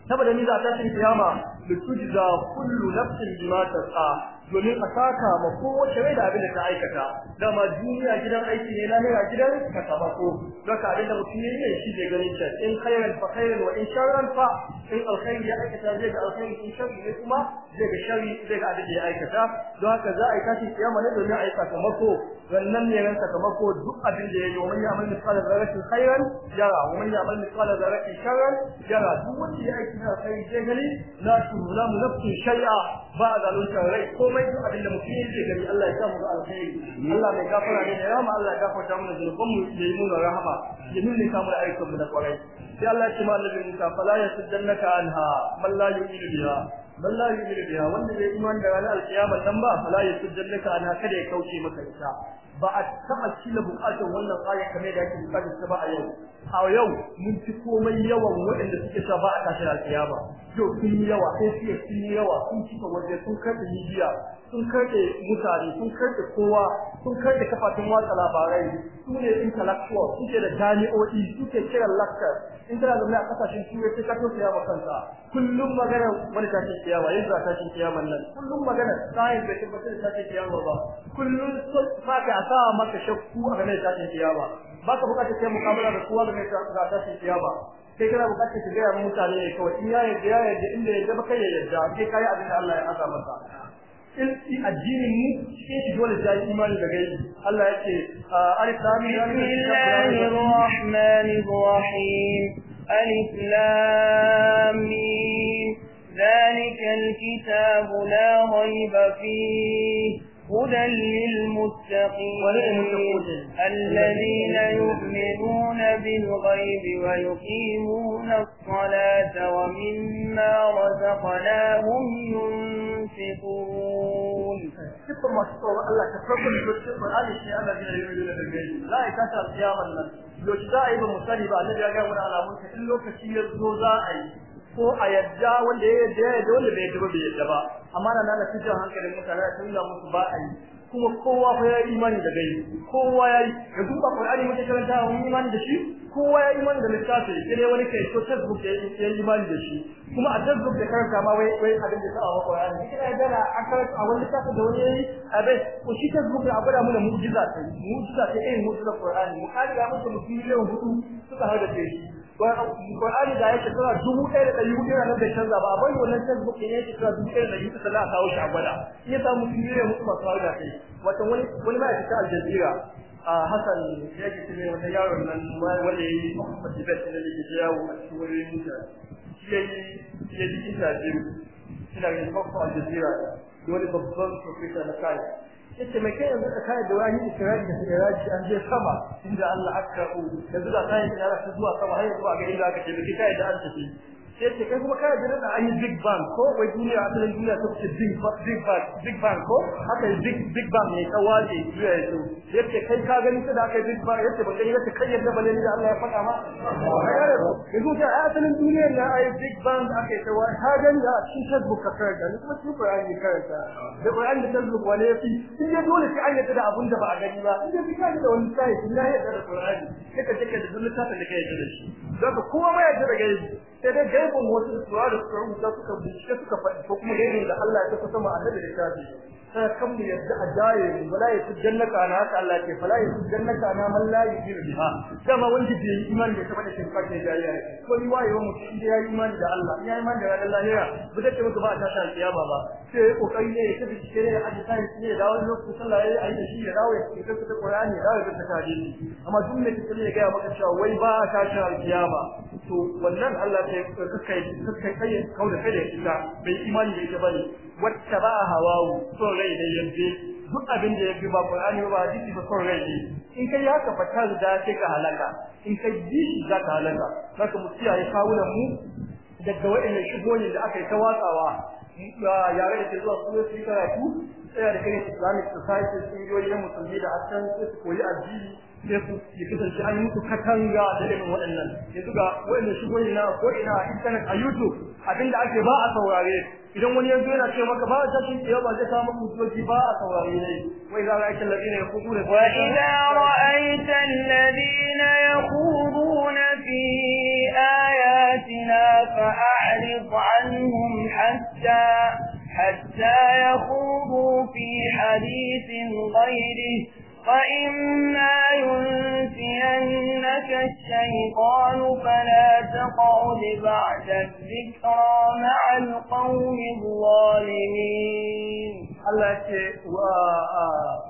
saboda ni za ta tashi kiyama da tujiza kullu nafsin bima tas'a domin a saka ma kowace rai da abin da ta aikata dama duniya gidan aiki ne lahira gidan sakamako don ka abin da mutum ne ne shi zai ganin ta in khairan fa khairan wa in sharran fa in alkhairi ya aikata zai ga alkhairi in sharri ne kuma zai ga sharri zai ga abin da ya aikata don haka za a yi tashi kiyama ne domin a yi sakamako wannan ne ran sakamako duk abin da ya yi wani amal misalan zarratin khairan yara wani amal misalan zarratin sharran yara duk wanda ya aiki na alkhairi zai gani la tuzlamu nafsun shay'a ba a zalunta rai komai duk abin da mutum yake gari Allah ya samu alkhairi Allah mai gafara ne Ya rahama Allah ya gafarta mana zunuban mu da yi mana rahama ya nuna ka mu aikin mu na kwarai sai Allah ya ce ma annabi Musa fala yasuddannaka anha man la yu'minu biha man la yu'minu biha wanda bai iman da ranar alkiyama dan ba fala yasuddannaka anha kada ya kauce maka ita ba a taba cilla bukatun wannan ayat ne da yake bukatar ta ba a yau a yau mun ci komai yawan waɗanda suke sa ba a tashi da kiyama yau sun yi yawa sai suke sun yi yawa sun cika waje sun karɓe midiya sun karɓe mutane sun karɓe kowa sun karɓe kafafen watsa labarai su ne intellectual suke da jami'o'i suke kiran lakkar. in tana zaune a kasashen turai sai ka to kiyama kullum magana wani tashin kiyama yin za tashin kiyaman nan kullum magana sayin bai tabbatar da tashin kiyama ba kullum fa ka sa maka shakku a game da tashin kiyama ba ka bukatar kai mukamala da kowa da mai ga tashin kiyama sai kana bukatar ka gaya mutane ne kawai in ya yarda ya yarda inda yarda ba kai ya yarda sai kai abin da Allah ya aka masa ilki addinin mu shi ne dole ta yi imani da gaibi Allah ya ce alif lam mim bismillahir rahmanir rahim alif lam mim ذلك الكتاب لا ريب فيه هدى للمتقين الذين يؤمنون بالغيب ويقيمون الصلاة ومما رزقناهم ينفقون ثم شكرا الله تفرقوا لكل هذه الشيء الذين يؤمنون بالغيب لا لنا لو الناس يجزائي بمسلبة الذي يقول على منك إن كثير شيء ko a yadda wanda ya yadda ya yadda wanda bai yadda ba bai yadda ba amma na nana cikin hankalin mutane a tunda musu ba a yi kuma kowa fa ya yi imani da gani kowa ya yi da duba Qur'ani muke karanta mun imani da shi kowa ya yi imani da littafi sai wani kai ko tasbuk ya yi imani da shi kuma a tasbuk da karanta ma wai wai abin da ta awa Qur'ani kina yadda a karanta a wani littafi da wani a bai. ko shi tasbuk da abada mu da mu'jiza ce mu'jiza ce irin mu'jiza Qur'ani mu kare ga mutum miliyan hudu suka hada shi Qur'ani da ya shekara dubu ɗaya da ɗari hudu nan bai canza ba a bari wannan Facebook ne ya shekara dubu ɗaya da ɗari hudu sannan a kawo shi a gwada in samu fiye musu masu hau da kai wata wani wani ma ya Al Jazeera a Hassan ya ke cikin wata yaron nan wanda ya yi participate na da ke yawo a cikin wani mutu shi ya yi shi ya ji kisa yi interview yin ganin a Jazeera wani babban professor na kai ita mai kai yanzu da kai da wani isra'i da iraki an je sama inda Allah aka ku yanzu da kai da zuwa sama har a ga inda aka ce biki kai da an tafi sai kai kuma kana jiran da an yi big bang ko wai duniya asalin duniya ta fice big big bang big bang ko haka yi big big bang ne ta waje duniya ya ce yace kai ka gani ta da aka yi big bang yace ba kai yace kai yadda bane ni da Allah ya faɗa ma yanzu ta asalin duniya na ai big bang aka yi ta waje ka gani da shi Facebook ka karanta ni kuma shi Qur'ani karanta da Qur'ani da Facebook wani yafi in dai dole sai an yadda da abun da ba a gani ba in dai ka da wani sai in ya yadda da Qur'ani sai ka take da dukkan da kai da shi zaka kowa ma yadda da sai dai gaibin wasu da suka rubuta suka bincike suka faɗi ko kuma gaibin da Allah ya tafi sama annabi da kafi kan mu yadda a jaye mu wala ya tujannaka na haka Allah ke fala ya tujannaka na man la yujir biha dama wanda bai yi da tabbata shi fake jayya ko ni waye wa mutum da yayi da Allah ya yi imani da ranar lahira ba zai mutu ba ta ta kiyama ba sai ya kokari ne ya tafi cikin ya aji sai ya dawo lokacin sallah yayi da shi ya dawo ya tafi da Qur'ani ya dawo ya hadisi amma duk ne kike ne ga maka cewa wai ba ta ta kiyama to wannan Allah a kai kai kai kai kai kai ita kai kai kai kai bane wattaba hawawu son rai da yanzu duk abin da bi ba Qur'ani ba hadisi ba son rai in kai haka fata da sai ka halaka in kai ji za ka halaka saka mu kiyaye kawunan mu daga waɗannan shigoni da aka yi ta watsawa yare da ke zuwa kuma su karatu tsaya da kai Islamic Society sun yi musulmi da asan su koyi addini sai ku ya kasance an yi muku katanga da irin waɗannan yanzu ga waɗannan shigoyi na ko ina internet a YouTube abinda ake ba a saurare idan wani yanzu yana ce maka ba a tashin ciyo ba zai samu kusoci ba a saurare ne wai za ra'aita alladhina yaquduna wa idza ra'aita alladhina yaquduna fi ayatina fa'rid 'anhum hatta hatta yaqudu fi hadithin ghayrih وإما ينسينك الشيطان فلا تقعد بعد الذكرى مع القوم الظالمين Allah ce wa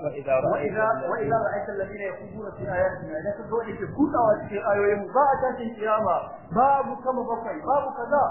wa idza wa idza wa idza ra'aita alladhina yakhuduna fi ayatina da kaga wanda ke kutawa cikin ayoyin ba a tashin kiyama babu kama bakwai babu kaza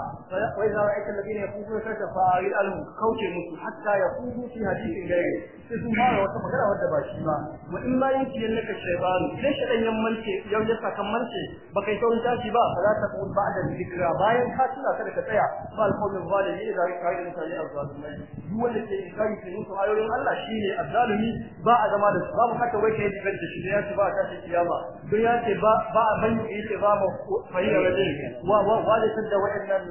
wa idza ra'aita alladhina yakhuduna fa fa'il alhum kauce musu hatta yakudu fi hadithin gairi sai sun fara wata magana wadda ba shi ba wa in ma yanki yallaka shaytanu idan shaytan ya mance yau ya saka mance ba kai saurin tashi ba Ba za ta kun ba'da dhikra bayan ka tuna kada ka tsaya ba alqawlu zalimin da kai da mutane azzalumai duk wanda ke kai musu ayoyin Allah shi ne, azzalimi ba a zama da su, babu haka wai ka yi kai da shi ne ya ce ba ta kiyama don ya ce ba ba a bayyana yace ba mu fayyana rajin wa wa wa da tunda wayannan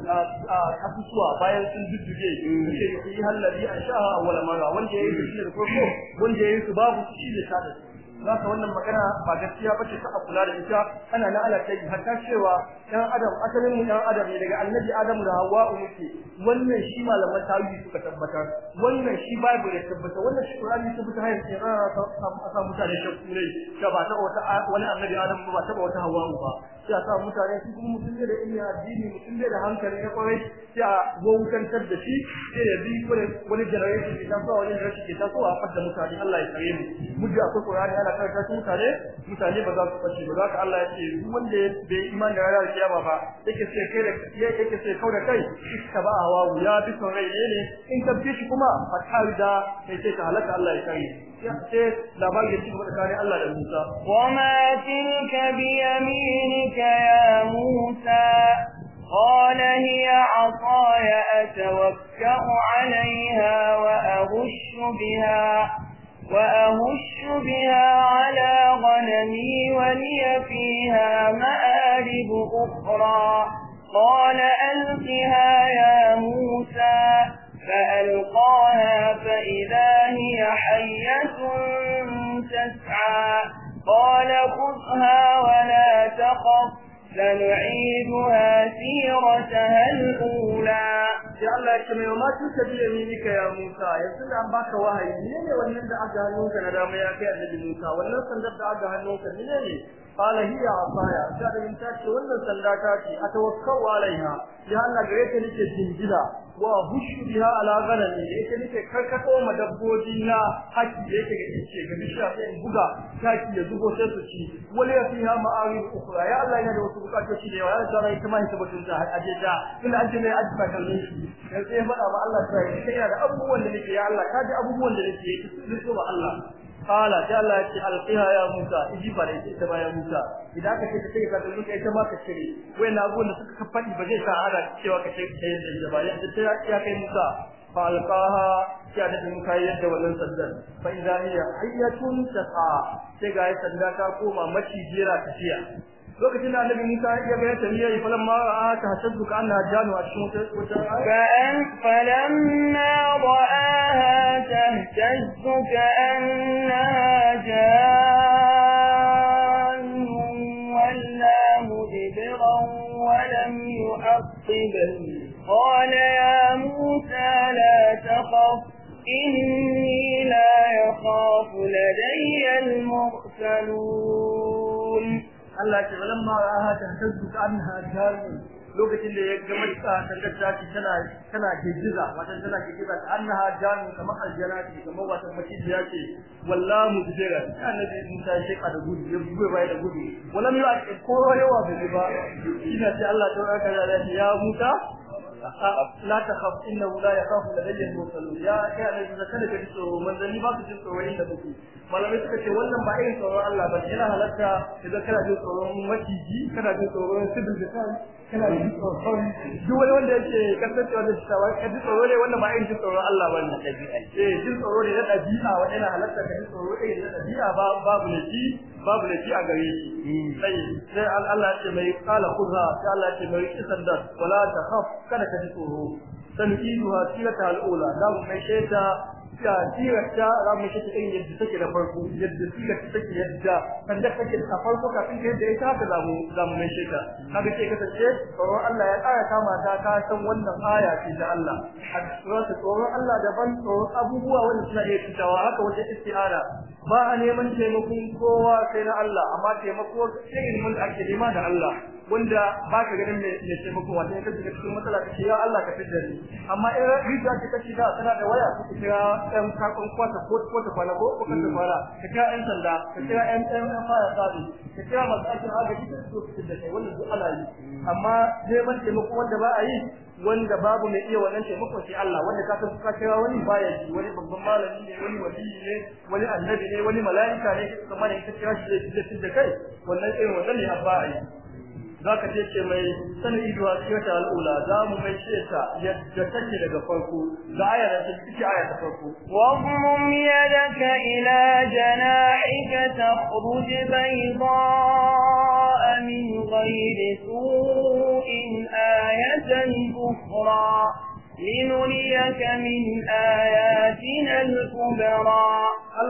kasuwa bayan sun dudduge yace yi halladi an sha'a wala mara wanda ya yayi shi da farko wanda ya yi su babu shi da sadaka zaka wannan magana ba gaskiya bace ta a kula da ita ana na ala kai ta cewa dan adam asalin mu dan adam ne daga annabi adamu da hawwa muke wannan shi malaman tarihi suka tabbatar wannan shi bible ya tabbata wannan shi qur'ani ya tabbata hayar sai ah, a samu mutane shakku ne ba ta wani annabi adamu ba ta wata hawwa ba sai a sa mutane su kuma mutum da ya addini mutum da hankali na kwarai sai a wautantar da shi sai ya bi wani generation ke tasowa wani generation ke tasowa a fadda mutane Allah ya kare mu mujja akwai Qur'ani ana karanta su mutane mutane ba za su bace ba za ka Allah ya ce duk wanda bai imani da rayuwar kiyama ba yake sai kai da yake sai kau da kai iska ba awa ya bi son rai ne in ka bi shi kuma a da sai sai ka halaka Allah ya kare وما تلك بيمينك يا موسى قال هي عصاي أتوكأ عليها وأهش بها وأهش بها على غنمي ولي فيها مآرب أخرى قال ألقها يا موسى فألقاها فإذا هي حية تسعى قال خذها ولا تخف سنعيدها سيرتها الأولى جعل لك كما يوما تسد يمينك يا موسى يسد أن باك وهي منين ونمد أجهنوك ندام يا كأنه بموسى ونمد أجهنوك منين qala ya asaya sai da yin ce wannan sanda ta a atawakkau alaiha ya Allah gare ta nake jinjira wa bushu biha ala ghanami yake nake karkato ma dabbobi na haki yake ga ce ga bisha sai buga taki ya zubo sai su ci wala ya fiha ma'arib ukhra ya Allah yana da wasu bukatoci da yawa sai rai kuma ita batun ta, aje da in aje mai aje ba kan shi sai ya fada ma Allah sai da abubuwan da nake ya Allah ka ji abubuwan da nake yake su ba Allah qala ta Allah ce alqiha ya Musa iji bare ce Musa idan ka ce sai ka dubi kai ta ka cire wai na gona suka faɗi ba zai sa ara cewa ka ce sai da ba ya ta ya kai Musa fa alqaha ya da mun kai yadda wannan sandan fa idan ya hayyatun taqa sai ga sanda ta koma maciji jira tafiya فلما فلما رآها تهتز كأنها جان ولا مدبرا ولم يعقب قال يا موسى لا تخف إني لا يخاف لدي المرسلون Allah ce walamma ra'aha ka anha jarun lokacin da ya ga mata tantar ta ci tana tana gijiza wata tana gijiza annaha jarun kamar aljanati kamar wata mace da yake wallahu bijira annabi Musa ya sheka da gudu ya buwe bai da gudu Walan ya ce ko yawa bai ba ina ce Allah ta raka da ya Musa لا تخف انه لا يخاف لدي المرسلون يا يا الذين كذبوا من ذي باكث الصورين لبكي malamai suka ce wannan ba irin tsoron Allah ba yana halatta idan kana jin tsoron maciji kana jin tsoron sibin da kan kana jin tsoron duk wani wanda yake kasancewa da shitawa ka ji tsoro ne wannan ba irin jin tsoron Allah ba ne eh jin tsoro ne na dabi'a wa yana halatta ka ji tsoro ne na dabi'a ba babu ne ji babu ne ji a gare shi sai sai Allah ya ce mai qala khudha sai Allah ya ce mai kisan da wala takhaf kana ka ji tsoro tanqiduha tilata al-ula da mai shaita da sirar ta za mu shi irin yadda take da farko yadda sirar ta take yadda kan da take da farko kafin ta da ita haka zamu zamu mai shi ta kaga ce kasance tsoron Allah ya ƙara kama ta ka san wannan aya ce da Allah hadisi tsoron Allah daban tsoron abubuwa wanda suna iya fitawa haka wata isti'ara ba a neman taimakon kowa sai na Allah amma taimako sai ilmin ake nema da Allah wanda ba ka ganin mai taimako wanda ya kace cikin matsala kace ya Allah ka fitar ni amma in rijiya ce kace da tana da waya ko kira ɗan kakon kwata ko kwata kwana ko ko kan fara ka kira ɗan sanda ka kira ɗan ɗan fara sabi ka kira masu aikin haka kike so fitar da kai wannan duk ala yi amma dai ban taimako wanda ba a yi wanda babu mai iya wannan taimakon sai Allah wanda ka san ka kira wani baya ji wani babban malami ne wani wali ne wani annabi ne wani mala'ika ne kuma ne ka kira shi da kai wannan irin wannan ne abba ai za ka ce mai sanin ido a cikin ta al'ula za mu mai ce ta yadda take daga farko ga ayar da take ayar ta farko wa qum yadaka ila jana'ika takhruj bayda'a min ghayri su'in ayatan ukhra linuriyaka min ayatina al-kubra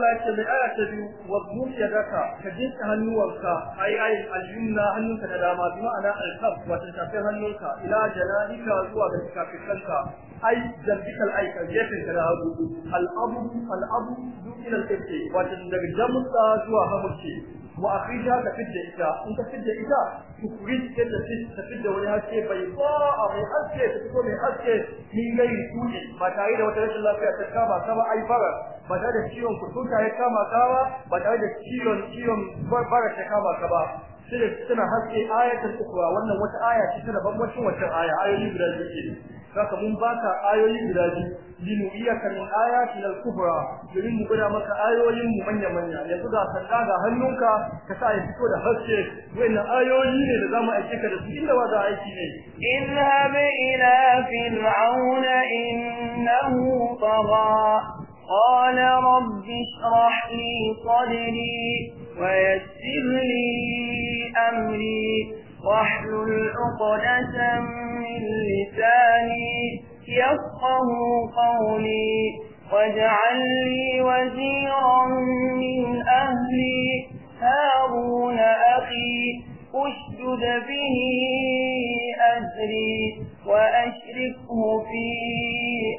Allah yake mai aya ta biyu wa ya daka ka jinka hannuwanka ai ai aljumna hannunka da dama bi ma'ana alkaf wato tafin hannunka ila janahika zuwa ga kafikanka ai jambika al aika gefen ta da hagu al'abu abu al abu duk ila al wato daga jamusa zuwa hamuce mu'akhija ka fidda ita in ta fidda ita tukurin da ta fidda wani haske bai ba a mai haske ta fito mai haske ni gai tuni ba tare da wata rashin lafiya ta kama ka ba ai fara, ba tare da ciwon kututa ya kama ka ba ba tare da ciwon ciwon bara ta kama ka ba sai suna haske ayatul ukra wannan wata aya ce ta daban wacce aya ayoyi guda biyu saka mun baka ayoyi guda biyu iya iyaka min ayatin al-kubra domin mu gwada maka ayoyin mu manya manya yanzu ga sanda ga hannunka ka sa ya fito da haske wannan ayoyi ne da zamu aike ka da su inda ba za aiki ne idhab ila fir'aun innahu tagha قال رب اشرح لي صدري ويسر لي أمري واحلل عقدة من لساني يفقه قولي واجعل لي وزيرا من أهلي هارون أخي أشدد به أجري وأشركه في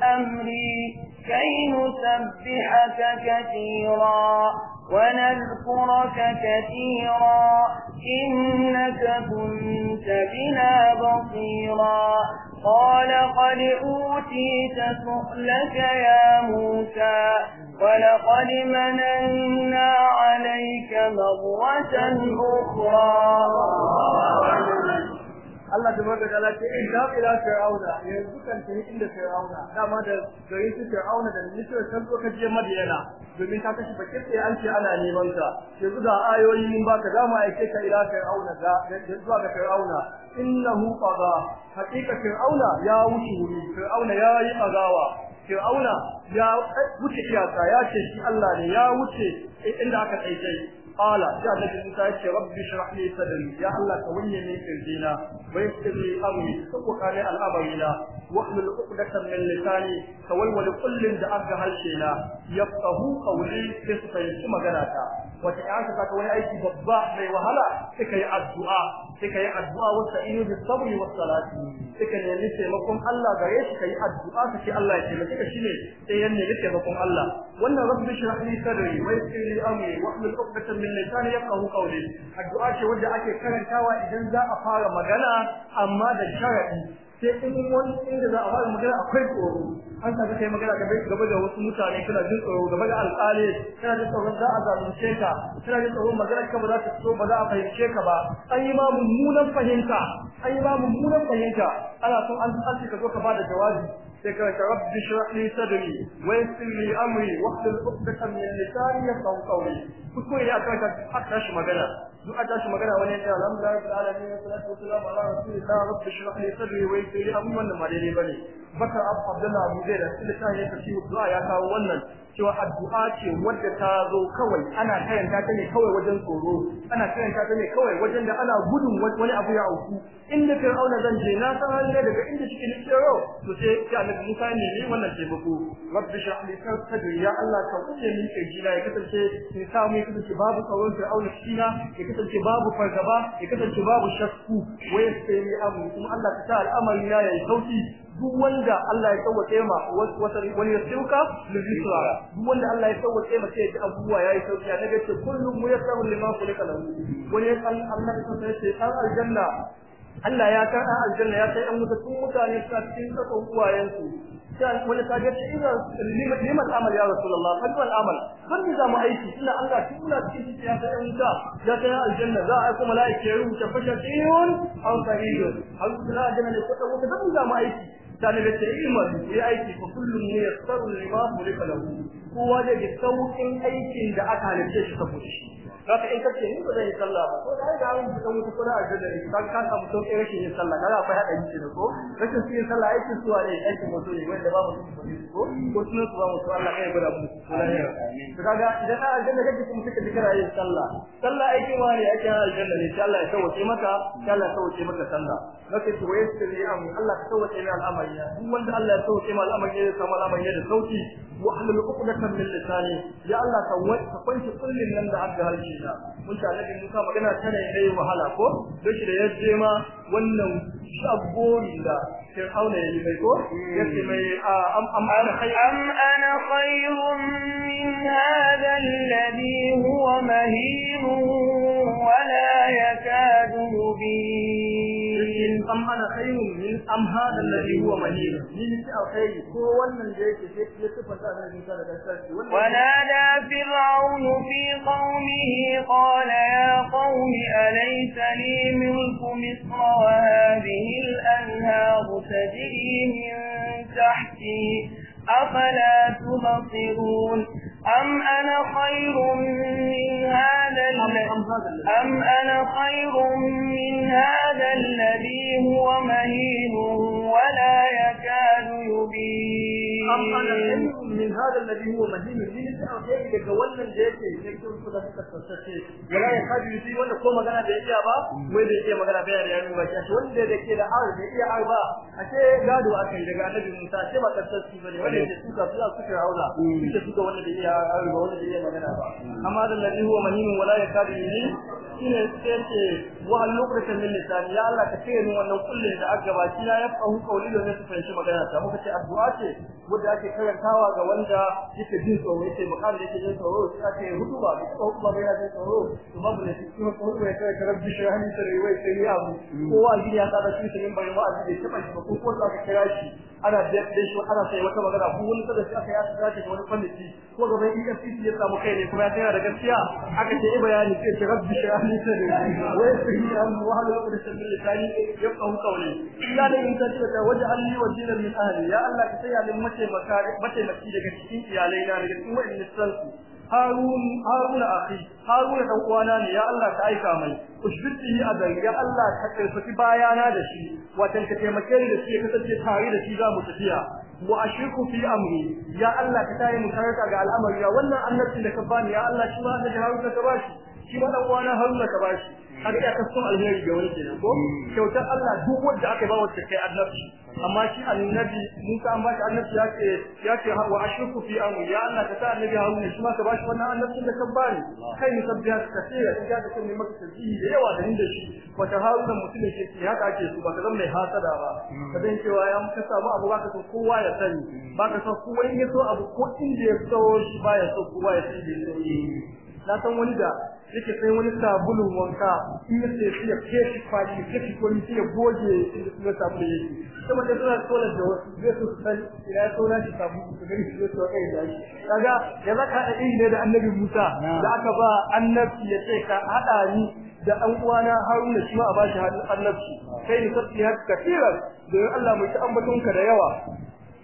أمري كي نسبحك كثيرا ونذكرك كثيرا إنك كنت بنا بصيرا قال قد أوتيت سؤلك يا موسى ولقد مننا عليك مرة أخرى Allah da barka da ce in da ila fir'auna yanzu kan ta yi inda fir'auna dama da gari su fir'auna da misra san zo ka je madiyana domin ta kashi bakin sai an ce ana neman ka yanzu ga ayoyi mun baka za mu aike ka ila fir'auna ga zuwa ga fir'auna innahu qaza hakika fir'auna ya wuce wuri fir'auna ya yi qagawa fir'auna ya wuce iyaka ya ce shi Allah ne ya wuce inda aka tsaye qala ya annabi Musa ya ce ya Allah ka wanye min kirjina wa yassir ne ka walwala kullin da aka harshe na yafqahu qawli fahimci magana ta wata ya ka wani aiki babba mai wahala sai addu'a sai kai wa sa'inu bis sabri was salati sai ka nemi taimakon Allah Allah lisan yafqahu qawli addu'a ce wanda ake karantawa idan za a fara magana amma da sharadi sai in wani inda za a fara magana akwai tsoro an saka kai magana gaba gaba da wasu mutane kana jin tsoro gaba da alƙali kana jin tsoron za a zalunce ka kana jin tsoron magana ka ba za ta so ba za a fahimce ka ba an yi ma mummunan fahimta an yi ma mummunan fahimta ana son an ka zo ka ba da jawabi sai ka ce rabbi shrah li sadri wa yassir li amri wa hlul 'uqdatan min lisani yafqahu qawli kuskure ya kawai ka hatta shi magana duk a tashi magana wani ya alhamdulillah rabbil alamin salatu wassalamu ala rasulillah rabbi shrah li sadri wa yassir li amri wannan ma daidai bane baka abu abdullah abu zaid da ta yi tafi zuwa ya kawo wannan cewa addu'a ce wadda ta zo kawai ana karanta ta ne kawai wajen tsoro ana karanta ta ne kawai wajen da ana gudun wani abu ya auku inda kai auna zan je na san halin daga inda shi ne tsoro to sai ya annabi Musa ne ne wannan taimako rabbi shrah li sadri ya Allah ka kuce min jina ya kasance in samu ya kasance babu tsawon fir'auna shi na kasance babu fargaba ya kasance babu shakku wai sai ni abu kuma Allah ta al'amari ya yi sauki duk wanda Allah ya sauke ma wani ya sauka lisra duk wanda Allah ya sauke ma sai abubuwa ya yi sauki annabi ce kullum muyassaru lima khulika lahu wani Allah ya sauke sai dan aljanna Allah ya kan aljanna ya sai an mutu mutane suka cikin tsakon uwayensu sai wani kaje ce ina neman amal ya rasulullah kan amal kan za mu aiki ina Allah shi muna cikin shi ya ta wuta ya ta aljanna za a aiko malaika ya rubuta fashatiyun aw sahidun an kula da ne ko wuta kan za mu aiki sai da ce ma ya aiki fa kullum yassaru lima mulika lahu kowa da saukin aikin da aka halice shi ta shi Zaka in kace ni ba zan yi sallah ba ko dai ga mun dan wuta ko da aljanna ne kan ka samu to kai rashin yin sallah kaga akwai hadari ce ko su yin sallah aikin suwa ne aikin mutum ne wanda ba mu su ko ko suna su ba mu Allah kai guda mu amin to kaga idan aljanna kake kuma kake dikira yin sallah sallah aikin wani aikin aljanna ne sai Allah ya sauke maka sai Allah ya sauke maka sallah zaka ce waye sai am Allah ya sauke mai al'amari duk wanda Allah ya sauke mai al'amari ya samu al'amari da sauki wa ahlul uqdatan min lisani ya Allah ka wanke kullin nan da aka halshi Musa mun ta annabi Musa magana tana yi wahala ko don shi da ya je ma wannan shabbori da Fir'auna ya yi mai ko yace mai ah, am am ana khayr am ana khayrun min hadha alladhi am hada alladhi huwa mahin min al-khayr ko wannan da yake ya sifanta annabi Musa da sarki wannan wanada fir'aun fi qaumihi qala ya qaumi alaysa li mulku misr wa hadhihi al-anhar tajri min tahti afala tubsirun أم أنا خير من هذا أم أنا خير من هذا الذي هو مهين ولا يكاد يبين من هذا الذي هو مدين sa أو شيء daga wannan da yake ne kun da suka tsatsace wala ya kaji shi wanda ko magana da yake ba wai da yake magana bayar ya nuna shi wanda da yake da arz da yake arba ashe gado akai daga annabi Musa ce ba tsatsace bane wanda yake suka suka suka haula suka suka wanda da yake arba wanda da yake magana ba amma da ladhi huwa mahin wala ya kaji shi shine yake wa lokacin min lisan ya Allah ka ce ni wannan kullin da aka gabaci na ya fahu kauli da su fahimci magana ta muka ce addu'a ce wanda ake karantawa ga wanda yake jin tsoro yake makar yake jin tsoro sai ake hutuba ko kuma bai da tsoro to babu ne shi kuma ko bai kai karar shi hani sai wai sai ya mu ko kowa gidi ya tada shi sai bai ba a cikin shi ko ko za ka kira shi ana da shi ana sai wata magana ko wani da shi aka ya tsada shi wani fanni ko ga bai iya fiye ya samu kai ne kuma ya tsaya da gaskiya aka ce bayani sai ce rabbi shi hani sai ya yi wa ya mu wa halu da hlul 'uqdatan min lisani yafqahu qawli illa la in ta ce tajida waj'alni wajilan min ahli ya allah ka tsaya min mace mataimaki daga cikin iyalai na daga cikin wa'in nisansu harun haruna akhi haruna dan uwana ne ya Allah ka aika mai ushbiti a ya Allah ka karfafi bayana da shi watan ka taimake ni da shi ka tace tare da shi za mu tafiya wa ashriku fi amri ya Allah ka tayi mu ga al'amari ya wannan annabi da ka bani ya Allah shi ma da haruna ka bashi shi ma dan uwana haruna ka bashi har ya kasu alheri ga wani kenan ko kyautar Allah duk wanda aka ba wacce kai annabi amma shi annabi Musa an bashi annabi ya ce ya ce wa ashruku fi amri ya Allah ka sa annabi Haruna shi ma ka bashi wannan annabi da kan bani kai ni sabbiya ka ce ya ka ce maka tasbihi da yawa da inda shi shi wata Haruna mutum ke ki haka ake su ba ka zama mai hasada ba ka dan cewa ya muka samu abu ba ka so kowa ya sani ba ka so kowa in ya so abu ko inda ya so shi ba ya so kowa ya sani na san wani da yake sai wani sabulun wanka in ya sai shi ya keshi fashi ya ko ni ya goge shi da sabulu shi kuma ta suna tsola da wasu zai su san ina tsola shi sabulu su gani su so kai da shi kaga ya zaka da ne da annabi Musa da aka ba annabi ya ce ka hada ni da ɗan uwana Haruna shi ma a bashi hadin annabi kai ni har kathira da Allah mu ta ambaton ka da yawa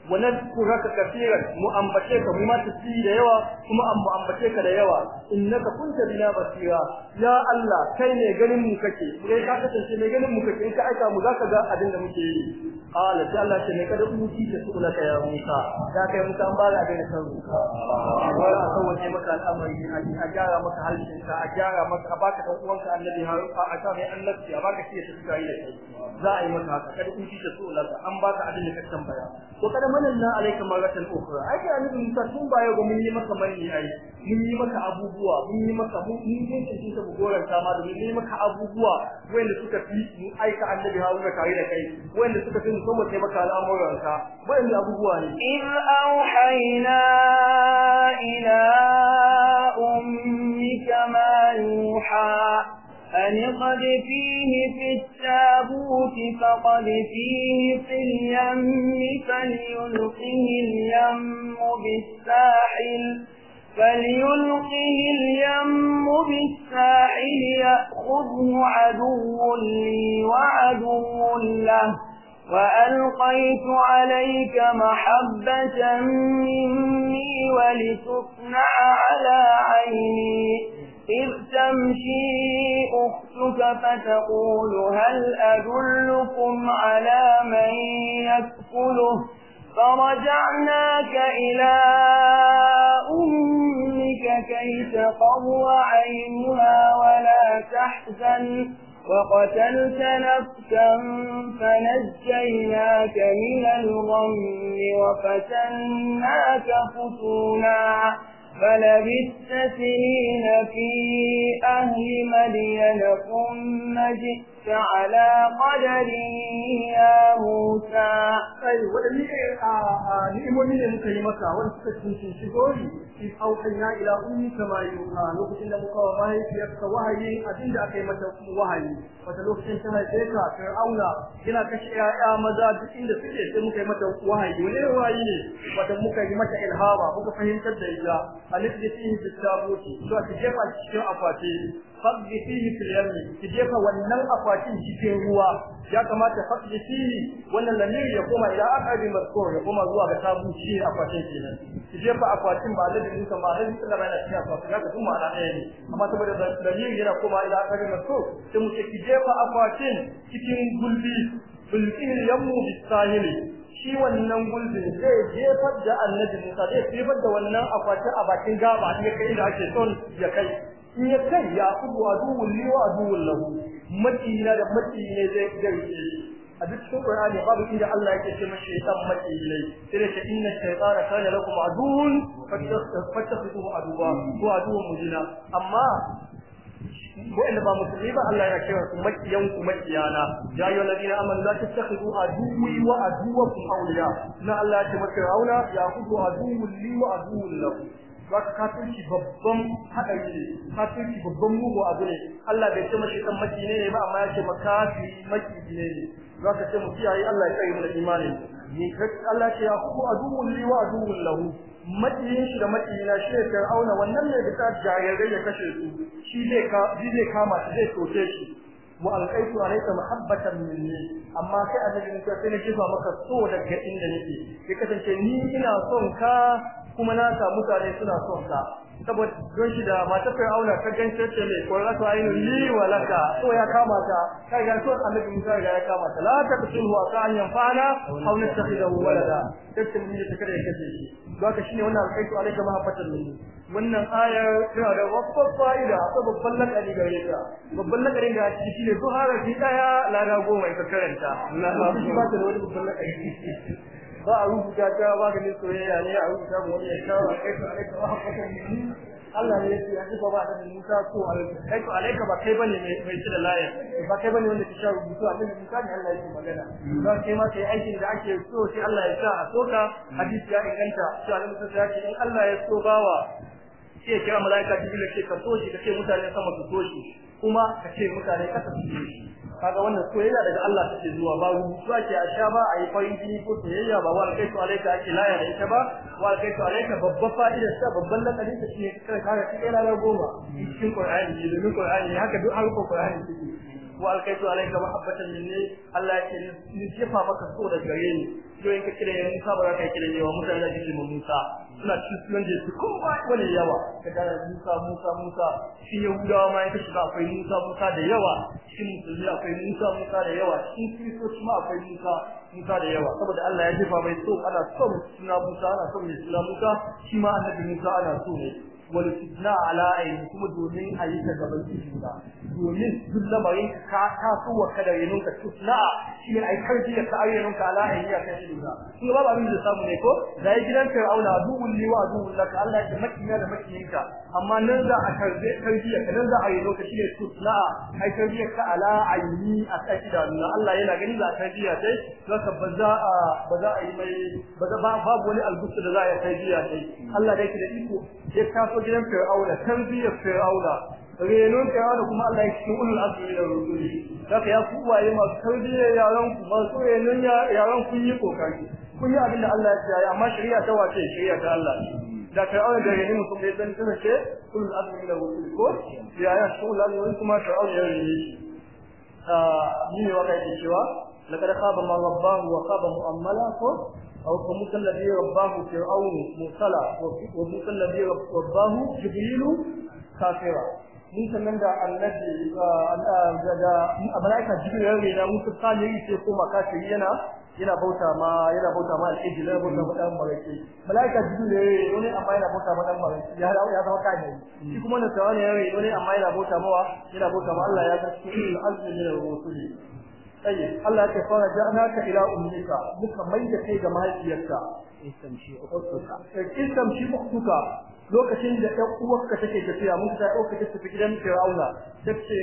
wa nadhkuraka kaseeran mu ambace ka mu ma da yawa kuma mu ambace ka da yawa innaka kunta bina basira ya Allah kai ne ganin mu kake kai ka kasance ne ganin mu kake in ka aika mu zaka ga abin da muke yi قال تعالى كما قد أوتيت سؤلك يا موسى ذاك يا موسى أنبار أبين سرك ولا أسوى امر ان أجارى مك هلشنك أجارى مك أباك تقوانك النبي هارون أشاري أن نفسي أباك شيء تسرائيل زائي مك هذا قد ان باك أنباك أبينك التنبيا وقد من الله عليك مرة أخرى أجي أن ابن موسى تنبا يوم من يمك مني اي من يمك أبوبوا من يمك من يمك أنت بقولا كما من يمك أبوبوا وين سكت اي كان النبي هارون كاريلا كي وين سكت in so mace maka al'amuranka waɗanda abubuwa ne in auhayna ila ummika ma yuha في التابوت فيه في اليم فليلقه اليم بالساحل فليلقه اليم بالساحل يأخذه عدو لي وعدو له وألقيت عليك محبة مني ولتصنع على عيني إذ تمشي أختك فتقول هل أدلكم على من يكفله فرجعناك إلى أمك كي تقر عينها ولا تحزن وقتلت نفسا فنجيناك من الغم وفتناك فتونا فلبثت سنين في أهل مدين ثم جئت على قدر يا موسى أي ولمي نئمني لكلمك ونسكت في شغولي إذ أوحينا إلى أمك ما يوحى لوكتين لك وهي في أكس وهي أدين أكيمة وهي وتلوكتين سنة إيكا فرعون إلى كشعر يا مزاد إن سكت مكيمة وهي وليه وهي وتمكيمة إلهابا وكفهمت الدجاء halitta fihi fi tabuti to ki jefa cikin akwati fadli fihi fil yammi ki jefa wannan akwatin cikin ruwa ya kamata fadli fihi wannan lamiri ya koma ila aqabi mazkur ya koma zuwa ga tabuti akwatin kenan ki jefa akwatin ba da dinka ba da dinka ba da cikin akwatin haka kuma ana ɗaya ne amma saboda lamiri yana koma ila aqabi mazkur sai mu ce ki jefa akwatin cikin gulbi bil yammu bis sahili shi wannan gulbin zai jefar da annabi Musa zai jefar da wannan akwati a bakin gaba ya kai da ake son ya kai in ya kai ya kudu aduwul li wa aduwul lahu da makiyine zai garke a duk cikin Qur'ani babu inda Allah yake ce mashi shaytan makiyine sai da inna shaytana kana lakum aduwwun fattakhidhuhu aduwwa ko aduwwun mujina amma wa'anda ba musulmi ba Allah ya kira su makiyan ku makiyana ya yi ayu alladina amanu la tattakhidhu aduwwi wa ku awliya na Allah ya ce maka rauna ya kudu aduwwun li wa aduwwun lahu zaka kafirci babban haɗari ne kafirci babban mugu abu ne Allah bai ce mashi kan maki ne ba amma ya ce makafiri maki ne ne. Za ka ce mu kiyaye Allah ya kai mu da Ni ni Allah ya ce ya a aduwwun li wa aduwwun lahu maciyin shi da maciyina shi ne fir'auna wannan ne da ta jarirai ya kashe su shi zai kama shi zai soke shi wa alqaitu alayka muhabbatan minni amma sai annabi ne sai ne kifa maka so daga inda nake ya kasance ni ina son ka kuma na samu mutane suna son ka saboda don shi da matar auna, ka gance ce mai qurratu yi li wa to ya kama ta kai ga so annabi Musa ga ya kama ta la ta kusuhu ka an yanfana aw nattakhidahu walada kace mun ta kare kace shi doka shine wannan alƙaitu alaika mahabbatan ne wannan ayar tana da wasu fa'ida ta babban lakari ga ta babban lakarin da shi shine zuhara fi daya lada goma ita karanta Allah ba ta da wani babban lakari ba a rubuta ta maganin soyayya ne a rubuta mu wani ya shawo kai ka alaika wa ne Allah ne ya yanzu ba da Musa ko kai ko alaika ba kai bane mai mai da layar ba kai bane wanda ke sha rubutu a cikin Musa ne Allah ya yake magana ba kai ma kai aikin da ake so sai Allah ya sa a soka hadisi ya inganta sai Allah Musa ya ce in Allah ya so bawa ke kira malaika Jibril da ke ka so shi ka ce mutane sama su so shi kuma ka ce mutane kasa su so shi kaga wannan soyayya daga Allah take zuwa ba rubutu ake a sha ba a yi farin jini ko soyayya ba wal kaitu alayka ake laya da ita ba wal kaitu alayka babban fa'idar ta babban lakarin ta ce kai kaga cikin ranar goma cikin Qur'ani ne domin Qur'ani haka duk harkar Qur'ani take wa alkaitu alayka mahabbatan minni Allah ya ce ni jefa maka so da gare ni doyin ka kira yan Musa ba za ka kira yawa mutane da kike Musa suna cikin da su kuma ba wani yawa ka da Musa Musa Musa shi Yahudawa ma yake shiga akwai Musa Musa da yawa shi musulmi akwai Musa Musa da yawa shi Kiristoci ma akwai Musa Musa da yawa saboda Allah ya jefa mai so ana son suna Musa ana son mai suna Musa shi ma annabi Musa ana so ne wani fitna ala aini kuma domin a yi ta gaban juna domin duk lamarin ka ka so wa kada ya nunka fitna shi ne ai karfi da ka ayyana nunka ala aini ya kai juna kuma babu abin da samu ne ko da yi gidan kai fir'auna duwun ne wa duwun ka Allah ya makiya da makiyinka amma nan za a karbe jiya ka nan za a yi nuka shi ne fitna ai jiya ka ala aini a kai da Allah yana gani za a karbi ya sai zaka ba za a ba za a yi mai ba babu wani albusu da za a yi jiya ya sai Allah da yake da iko ya kafa taɓa gidan fir'auna tarbiyyar fir'auna renon fir'auna kuma Allah ya cikin ulul azmi da rusuli saka ya ku waye masu tarbiyyar yaran ku ba masu renon yaran kun yi kokari kun yi abin da Allah ya ce amma shari'a ta wace shari'a ta Allah da fir'auna da renon sun bai zan tana ce ulul azmi da rusuli ko ya ya so ulul ne kuma fir'auna ya rene shi a ah, ni wa kai yake cewa laqad khaba man rabbahu wa khaba أو فموسى الذي رباه فرعون مرسلا ومثل الذي رباه جبريل كافرا mun sanan da annabi da malaika jibril ne na musu salihi sai kuma kafiri yana yana bauta ma yana bauta ma al-ijla bauta ma dan maraki malaika jibril ne amma yana bauta ma dan maraki ya rawo ya zama kafiri shi kuma na tawani ne ne amma yana bauta ma yana bauta ma Allah ya ga cikin azmi ne rusuli tayyib Allah ya fara jana ka ila ummika muka mai da kai ga mahaifiyarka istamshi uktuka istamshi uktuka lokacin da ɗan uwarka take tafiya muka ta ɗauka ta tafi gidan Fir'auna tace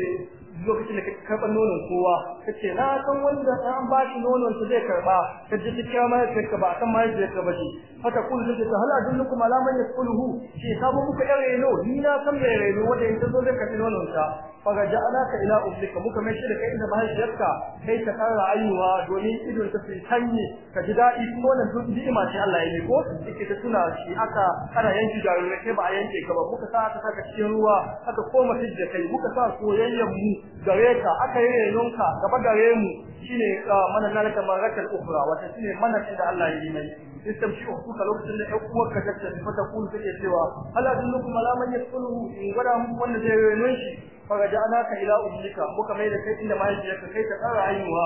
lokacin da ka karɓa nonon kowa ka ce na san wanda an ba shi nonon su zai karɓa ka ji cikin mayar ka ba a san mayar zai karɓa shi haka kun ce hala dullukum ala man yaquluhu shi sabo muka yan reno ni na san mai reno wanda ta zo zai karɓi nonon sa ana ka ila ka muka mai shi da kai inda mahaifiyarta kai ta kara ayyuwa domin idon ta sai tanye ka ji daɗi ko wannan duk ni'ima ce Allah ya yi ko yake ta tuna shi aka kana yanki sai ba a yanke ka ba muka sa aka saka cikin ruwa aka koma shi da kai muka sa soyayyen mu gare ka aka yi renonka gaba gare mu shine ah, mana nalaka marakal ukhra wata shine mana da Allah ya yi mai shi uku ka lokacin da ɗaukuwar ka tattace kulu kun take cewa hal ku malaman ya yasluhu in gwada mu wanda zai renon shi faraja anaka ila ummika muka mai da kai inda ya kai ta tsara ainuwa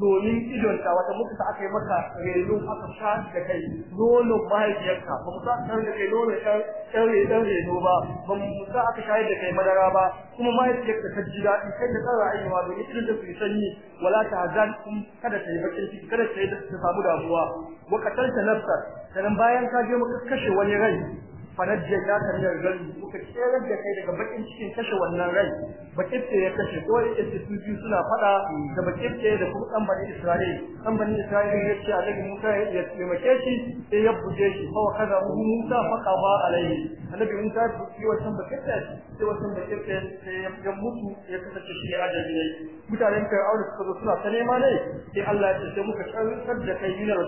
domin idon ta wata mutu ta aka yi maka renon aka sha da kai nonon mahaifiyarka ba mu sa ka da kai nonon ɗan ɗan reno ba ba mu sa aka shayar da kai madara ba kuma mahaifiyarka ta ji daɗi kai da tsara aiwa domin idon ta su yi sanyi wala ta hazan kada ta yi bakin ciki kada ta yi da samu damuwa wa katalta nafsa sannan bayan ka je maka kashe wani rai fanajjata ka min al kuka tsere da kai daga bakin cikin kashe wannan rai bakin ce ya kashe ko ya ce su biyu suna fada da bakin ce da kuma dan bani Isra'il dan bani Isra'il ya ce Allah Musa ya taimake shi sai ya buje shi fa kaza Musa fa qaba alaihi annabi Musa ya buji wannan bakin ce sai wasan bakin ce sai ya mutu ya kasance shi ya ajabi ne mutanen kai aure suka zo suna ta nema ne sai Allah ya ce muka tsare da kai min al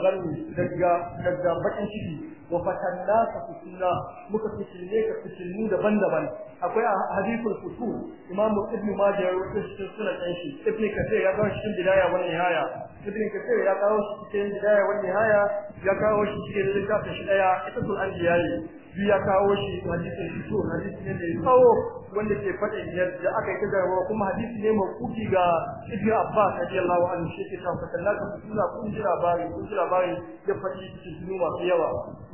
daga daga bakin ciki wa fatannaka fitilla muka fitille ka fitillu daban-daban akwai hadithul fusul imam ibn majah ya rawaito shi suna kan shi ibn kathir ya kawo shi bidaya wa nihaya ibn kathir ya kawo shi cikin bidaya wa nihaya ya kawo shi cikin littafin shi daya itatul anbiya ya kawo shi hadisi shi to hadisi ne mai tsawo wanda ke faɗin yadda aka yi ta kuma hadisi ne mai kuki ga Ibn Abbas radiyallahu anhu shi ke tafi kallaka kuma kun ji labari kun ji labari ya faɗi cikin sunu masu yawa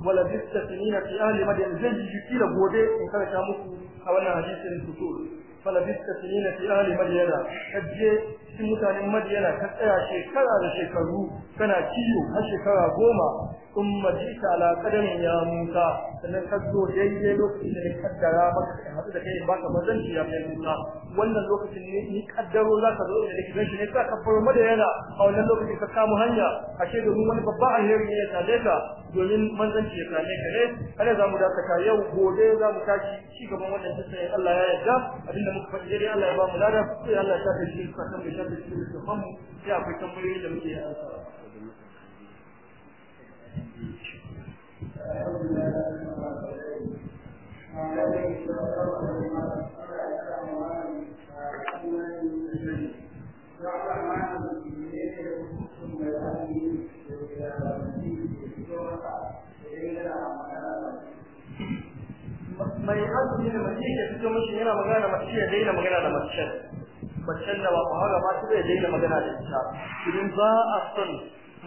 wala bistatina fi ahli madyan zai ji kila gobe in karanta muku a wannan hadisin fusul fala bistatina fi ahli madyan kaje cikin mutanen madiyana ka tsaya shekara da shekaru kana ciwo a shekara goma kun majita ala kadamin ya musa sannan ka zo daidai lokacin da ni kaddara maka ka haɗu da kai ba ka mazanci ya kai musa wannan lokacin ne ni kaddaro za ka zo da ni kiran shi ne ka kafar madiyana a wannan lokacin ka samu hanya ashe domin wani babba a alheri ne ya same ka domin manzanci ya same ka ne har za mu dakata yau gobe za mu tashi ci gaban wannan tattalin Allah ya yarda abinda muka faɗi dai Allah ya ba mu ladan sai Allah ya tafi shi ka san karanta cikin littafin mu sai akwai tambayoyi da muke ansa mai azumi da mace fito mashi yana magana mace ya daina magana da mace macen da ba ku haura ba su zai daina magana da ita idan za a son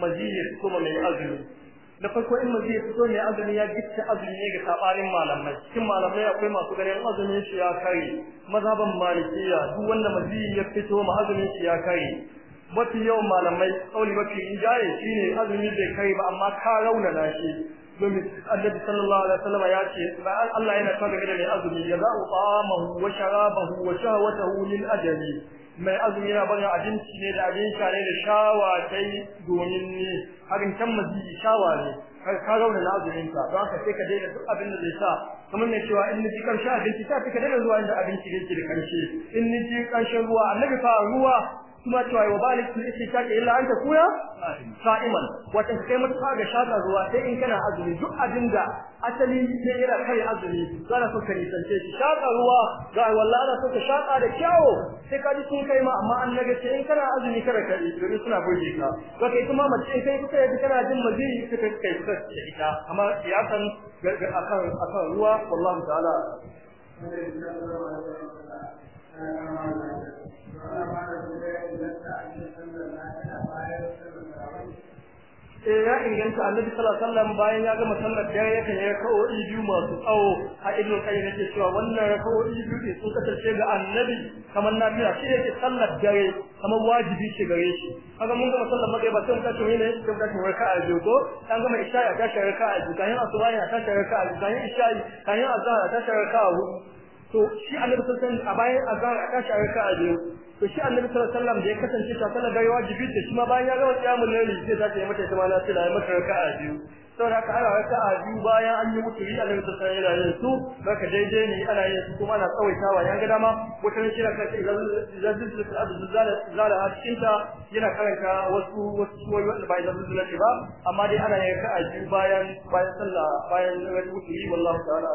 maziyar kuma mai azumi da farko in maziyar su mai azumi ya gitta azumi ne ga sabarin malamai cikin malamai akwai masu ganin azumin shi ya kai mazhaban malikiya duk wanda maziyar ya fito ma azumin shi ya kai mafi yawan malamai kauli mafi injaye shine azumi bai kai ba amma ka raunana shi domin annabi sallallahu alaihi wasallam ya ce Allah yana son ga mai azumi ya za'u ta'amahu wa sharabahu wa shahwatahu lil ajali mai azumi yana barin abinci ne da abin sha ne da shawa dai domin ne harin kan mazi shawa ne ka rauna na azumin ka don haka sai ka daina duk abin da zai sa kamar mai cewa in ji karshe abinci ta fi ka daina zuwa inda abinci yake da karshe in ji karshen ruwa annabi fa ruwa kuma cewa wa balik fil istishaq illa an takuna sa'iman wata kai mutuwa ga shaka ruwa sai in kana azumi duk abin da asali ne yana kai azumi za na ka nisance shi Shaƙa ruwa ga wallahi ana so shaƙa da kyawo sai ka ji sun kai ma amma an naga sai in kana azumi kada ka yi domin suna goje ka to kai kuma mace in kai kuka yadda kana jin mazi kuka kai kuka da ita amma ya akan ruwa wallahi ta'ala eh ya inganta annabi sallallahu alaihi wasallam bayan ya gama sallar dare ya kan raka'o'i biyu masu tsawo a ibnu kai yake cewa wannan raka'o'i biyu ne sun kasance ga annabi kamar na biya shi yake sallar dare kamar wajibi ce gare shi kaga mun gama sallar magriba ba sai ce ne sai tashi raka'a biyu ko dan gama isha ya a raka'a kan yi asuba ya tashi raka'a kan yi isha yi azhar ya raka raka'a to shi annabi sallallahu alaihi wasallam a bayan azhar aka shi a aje to shi annabi sallallahu alaihi wasallam da ya kasance ta sallar gari wajibi da shi ma bayan ya gama kiyamul layli sai ta ce mata ita ma na tsira ya mata a aje saboda haka ana raka aje bayan an yi mutu ya annabi sallallahu alaihi wasallam yana yin su baka daidai ne ana yin su kuma ana tsawaitawa ya gada ma wata ne shira kace zazzul su ard zala zala a cikin ta yana karanta wasu wasu suwai wanda bai zazzul al ba amma dai ana yin a aje bayan bayan sallah bayan wani mutu wallahu ta'ala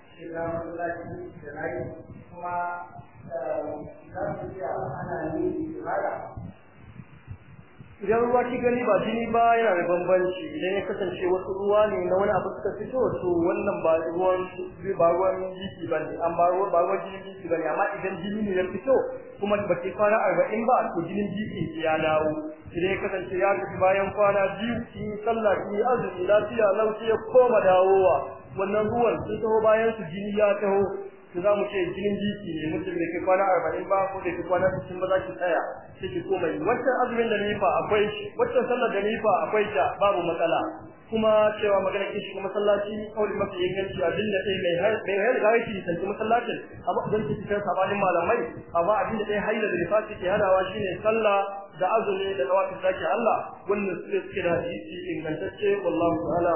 da eh, idan ruwa ki gani ba jini ba yana da bambanci idan ya kasance wasu ruwa ne na wani abu suka fito to wannan ba ruwan ba ruwan jiki ba ne an ba ruwan ba ruwan jini jiki ba ne amma idan jini ne ya fito kuma ba ke kwana arba'in ba to jinin jiki ya dawo idan ya kasance ya tafi bayan kwana biyu ki sallah ki azumi lafiya lau ya koma dawowa wannan ruwan sun taho bayan su jini ya taho su za mu ce jinin jiki ne mutum bai ke kwana arba'in ba ko bai ke kwana sittin ba za ki tsaya sai ki koma yi wancan azumin da nifa akwai shi wancan sallar da nifa akwai ta babu matsala kuma cewa magana ke shiga masallaci kawai mafi inganci a da ɗaya mai mai hayar ga yake tantu masallacin amma idan ki fitar sabanin malamai amma abin da ɗaya hayar da nifasi ke hadawa shine sallah da azumi da ta sake Allah wannan su suke da hadisi ingantacce wallahu ta'ala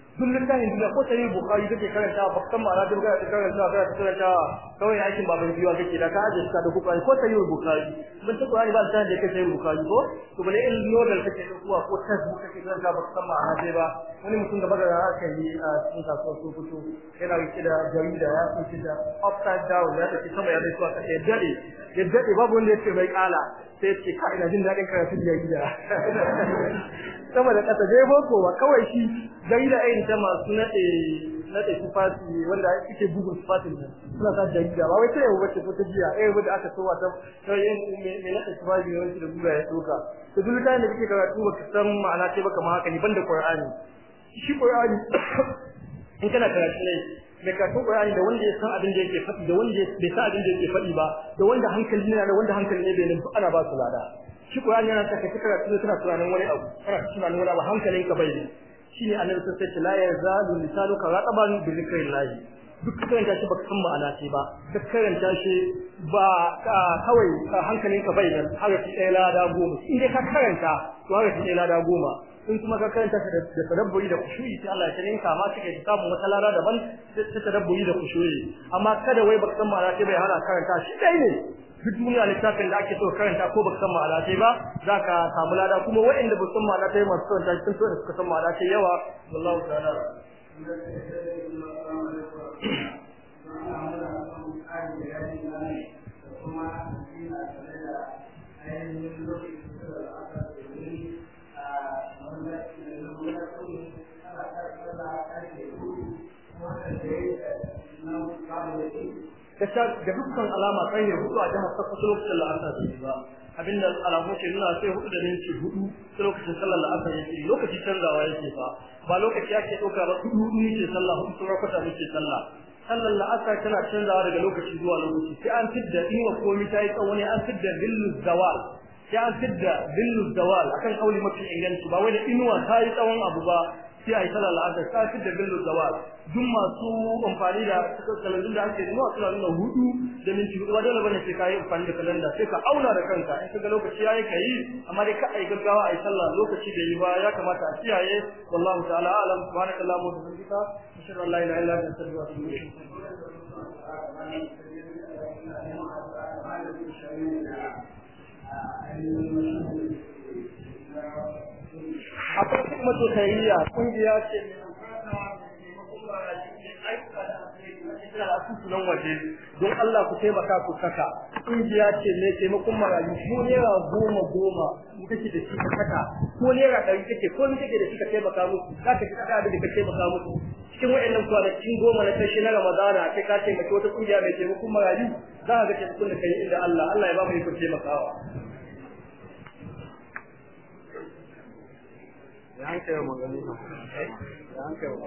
duk littafin duniya ko sai bukari kake karanta ba kan ma'ana duk kana karanta kana karanta kawai aikin babu biwa kake da ka aje ka da bukari ko sai bukari mun ta qur'ani ba ta da kake sai bukari ko to bale in da kake kuwa ko tasbu kake karanta ba ma'ana dai ba wani mutum da baka aka yi a cikin kasuwar su fito yana rike da jarida ya fice da upside down ya take sama ya dai suwa kake dade ya dade babu wanda yake mai kala sai ce ka ina jin daɗin karatu da sama da ƙasa dai boko ba kawai shi jarida irin ta masu naɗe naɗe sifati wanda suke bugun sifati ne suna sa jarida ba wai sai yau wace ko ta jiya eh wanda aka sowa ta ta yin mai naɗe sifati ne wanda da buga ya toka. to duk lokacin da kake karatu ba ka san ma'ana ce ba kamar haka ne banda Qur'ani shi Qur'ani in kana karatu ne da karatun Qur'ani da wanda ya san abin da yake faɗi da wanda bai san abin da yake faɗi ba da wanda hankali ne da wanda hankali ne bai nan ana ba su lada shi Qur'ani yana saka ka karatu kana tunanin wani abu kana tunanin wani abu hankalin ka bai shine annabi sallallahu alaihi wasallam la yazalu lisanuka rataban bi zikrillah duk ta shi baka san ma'ana ce ba duk karanta shi ba kawai hankalin ka bai nan harafi ɗaya lada goma in dai ka karanta to harafi ɗaya lada goma in kuma ka karanta ta da tadabburi da kushuri sai Allah ya rinka ma kake samu wata lara daban ta tadabburi da kushuri amma kada wai baka san ma sai bai hana karanta shi dai ne duk duniya kan da ake so karanta ko baka san ma sai ba zaka samu lada kuma waɗanda ba san ma'ana sai masu ta sun so da suka san ma sai yawa wallahi ta'ala da dukkan alama kan ya hudu a jihar Sokoto lokacin la'asar su ba abinda alamun ke nuna sai hudu da minti hudu ta lokacin sallar la'asar yake lokaci canzawa yake fa ba lokaci ake ɗauka ba hudu hudu ne sallah hudu ta rakwata ne sallah sallar la'asar tana canzawa daga lokaci zuwa lokaci sai an fidda iwa komi ta yi tsawo ne an fidda billu zawal sai an fidda billu zawal akan kauli mafi inganci ba wai da inuwa ta yi tsawon abu ba sai ai sallar la'asar sai da billu zawal duk masu amfani da kalandun da ake nuna suna nuna hudu da minti hudu ba dole sai ka yi amfani da kalanda sai ka auna da kanka in kaga lokaci yayi ka yi amma dai ka ai gaggawa ai sallar lokaci da yi ba ya kamata a kiyaye wallahu ta'ala alam subhanallahi wa bihamdika ashhadu la ilaha illa anta astaghfiruka wa Thank you. akwai kuma tutariya kungiya ce sunan waje don Allah ku taimaka ku saka kungiya ce mai taimakon marayu ko naira goma goma mu kake da shi saka ko naira ɗari kake ko ni kake da shi ka taimaka musu za ka ji da ka taimaka musu cikin waɗannan kwanakin goma na karshe na Ramadana kai ka taimaka wata kungiya mai taimakon marayu za ka ga taimakon da kai inda Allah Allah ya ba mu ikon taimakawa 两九五两九五。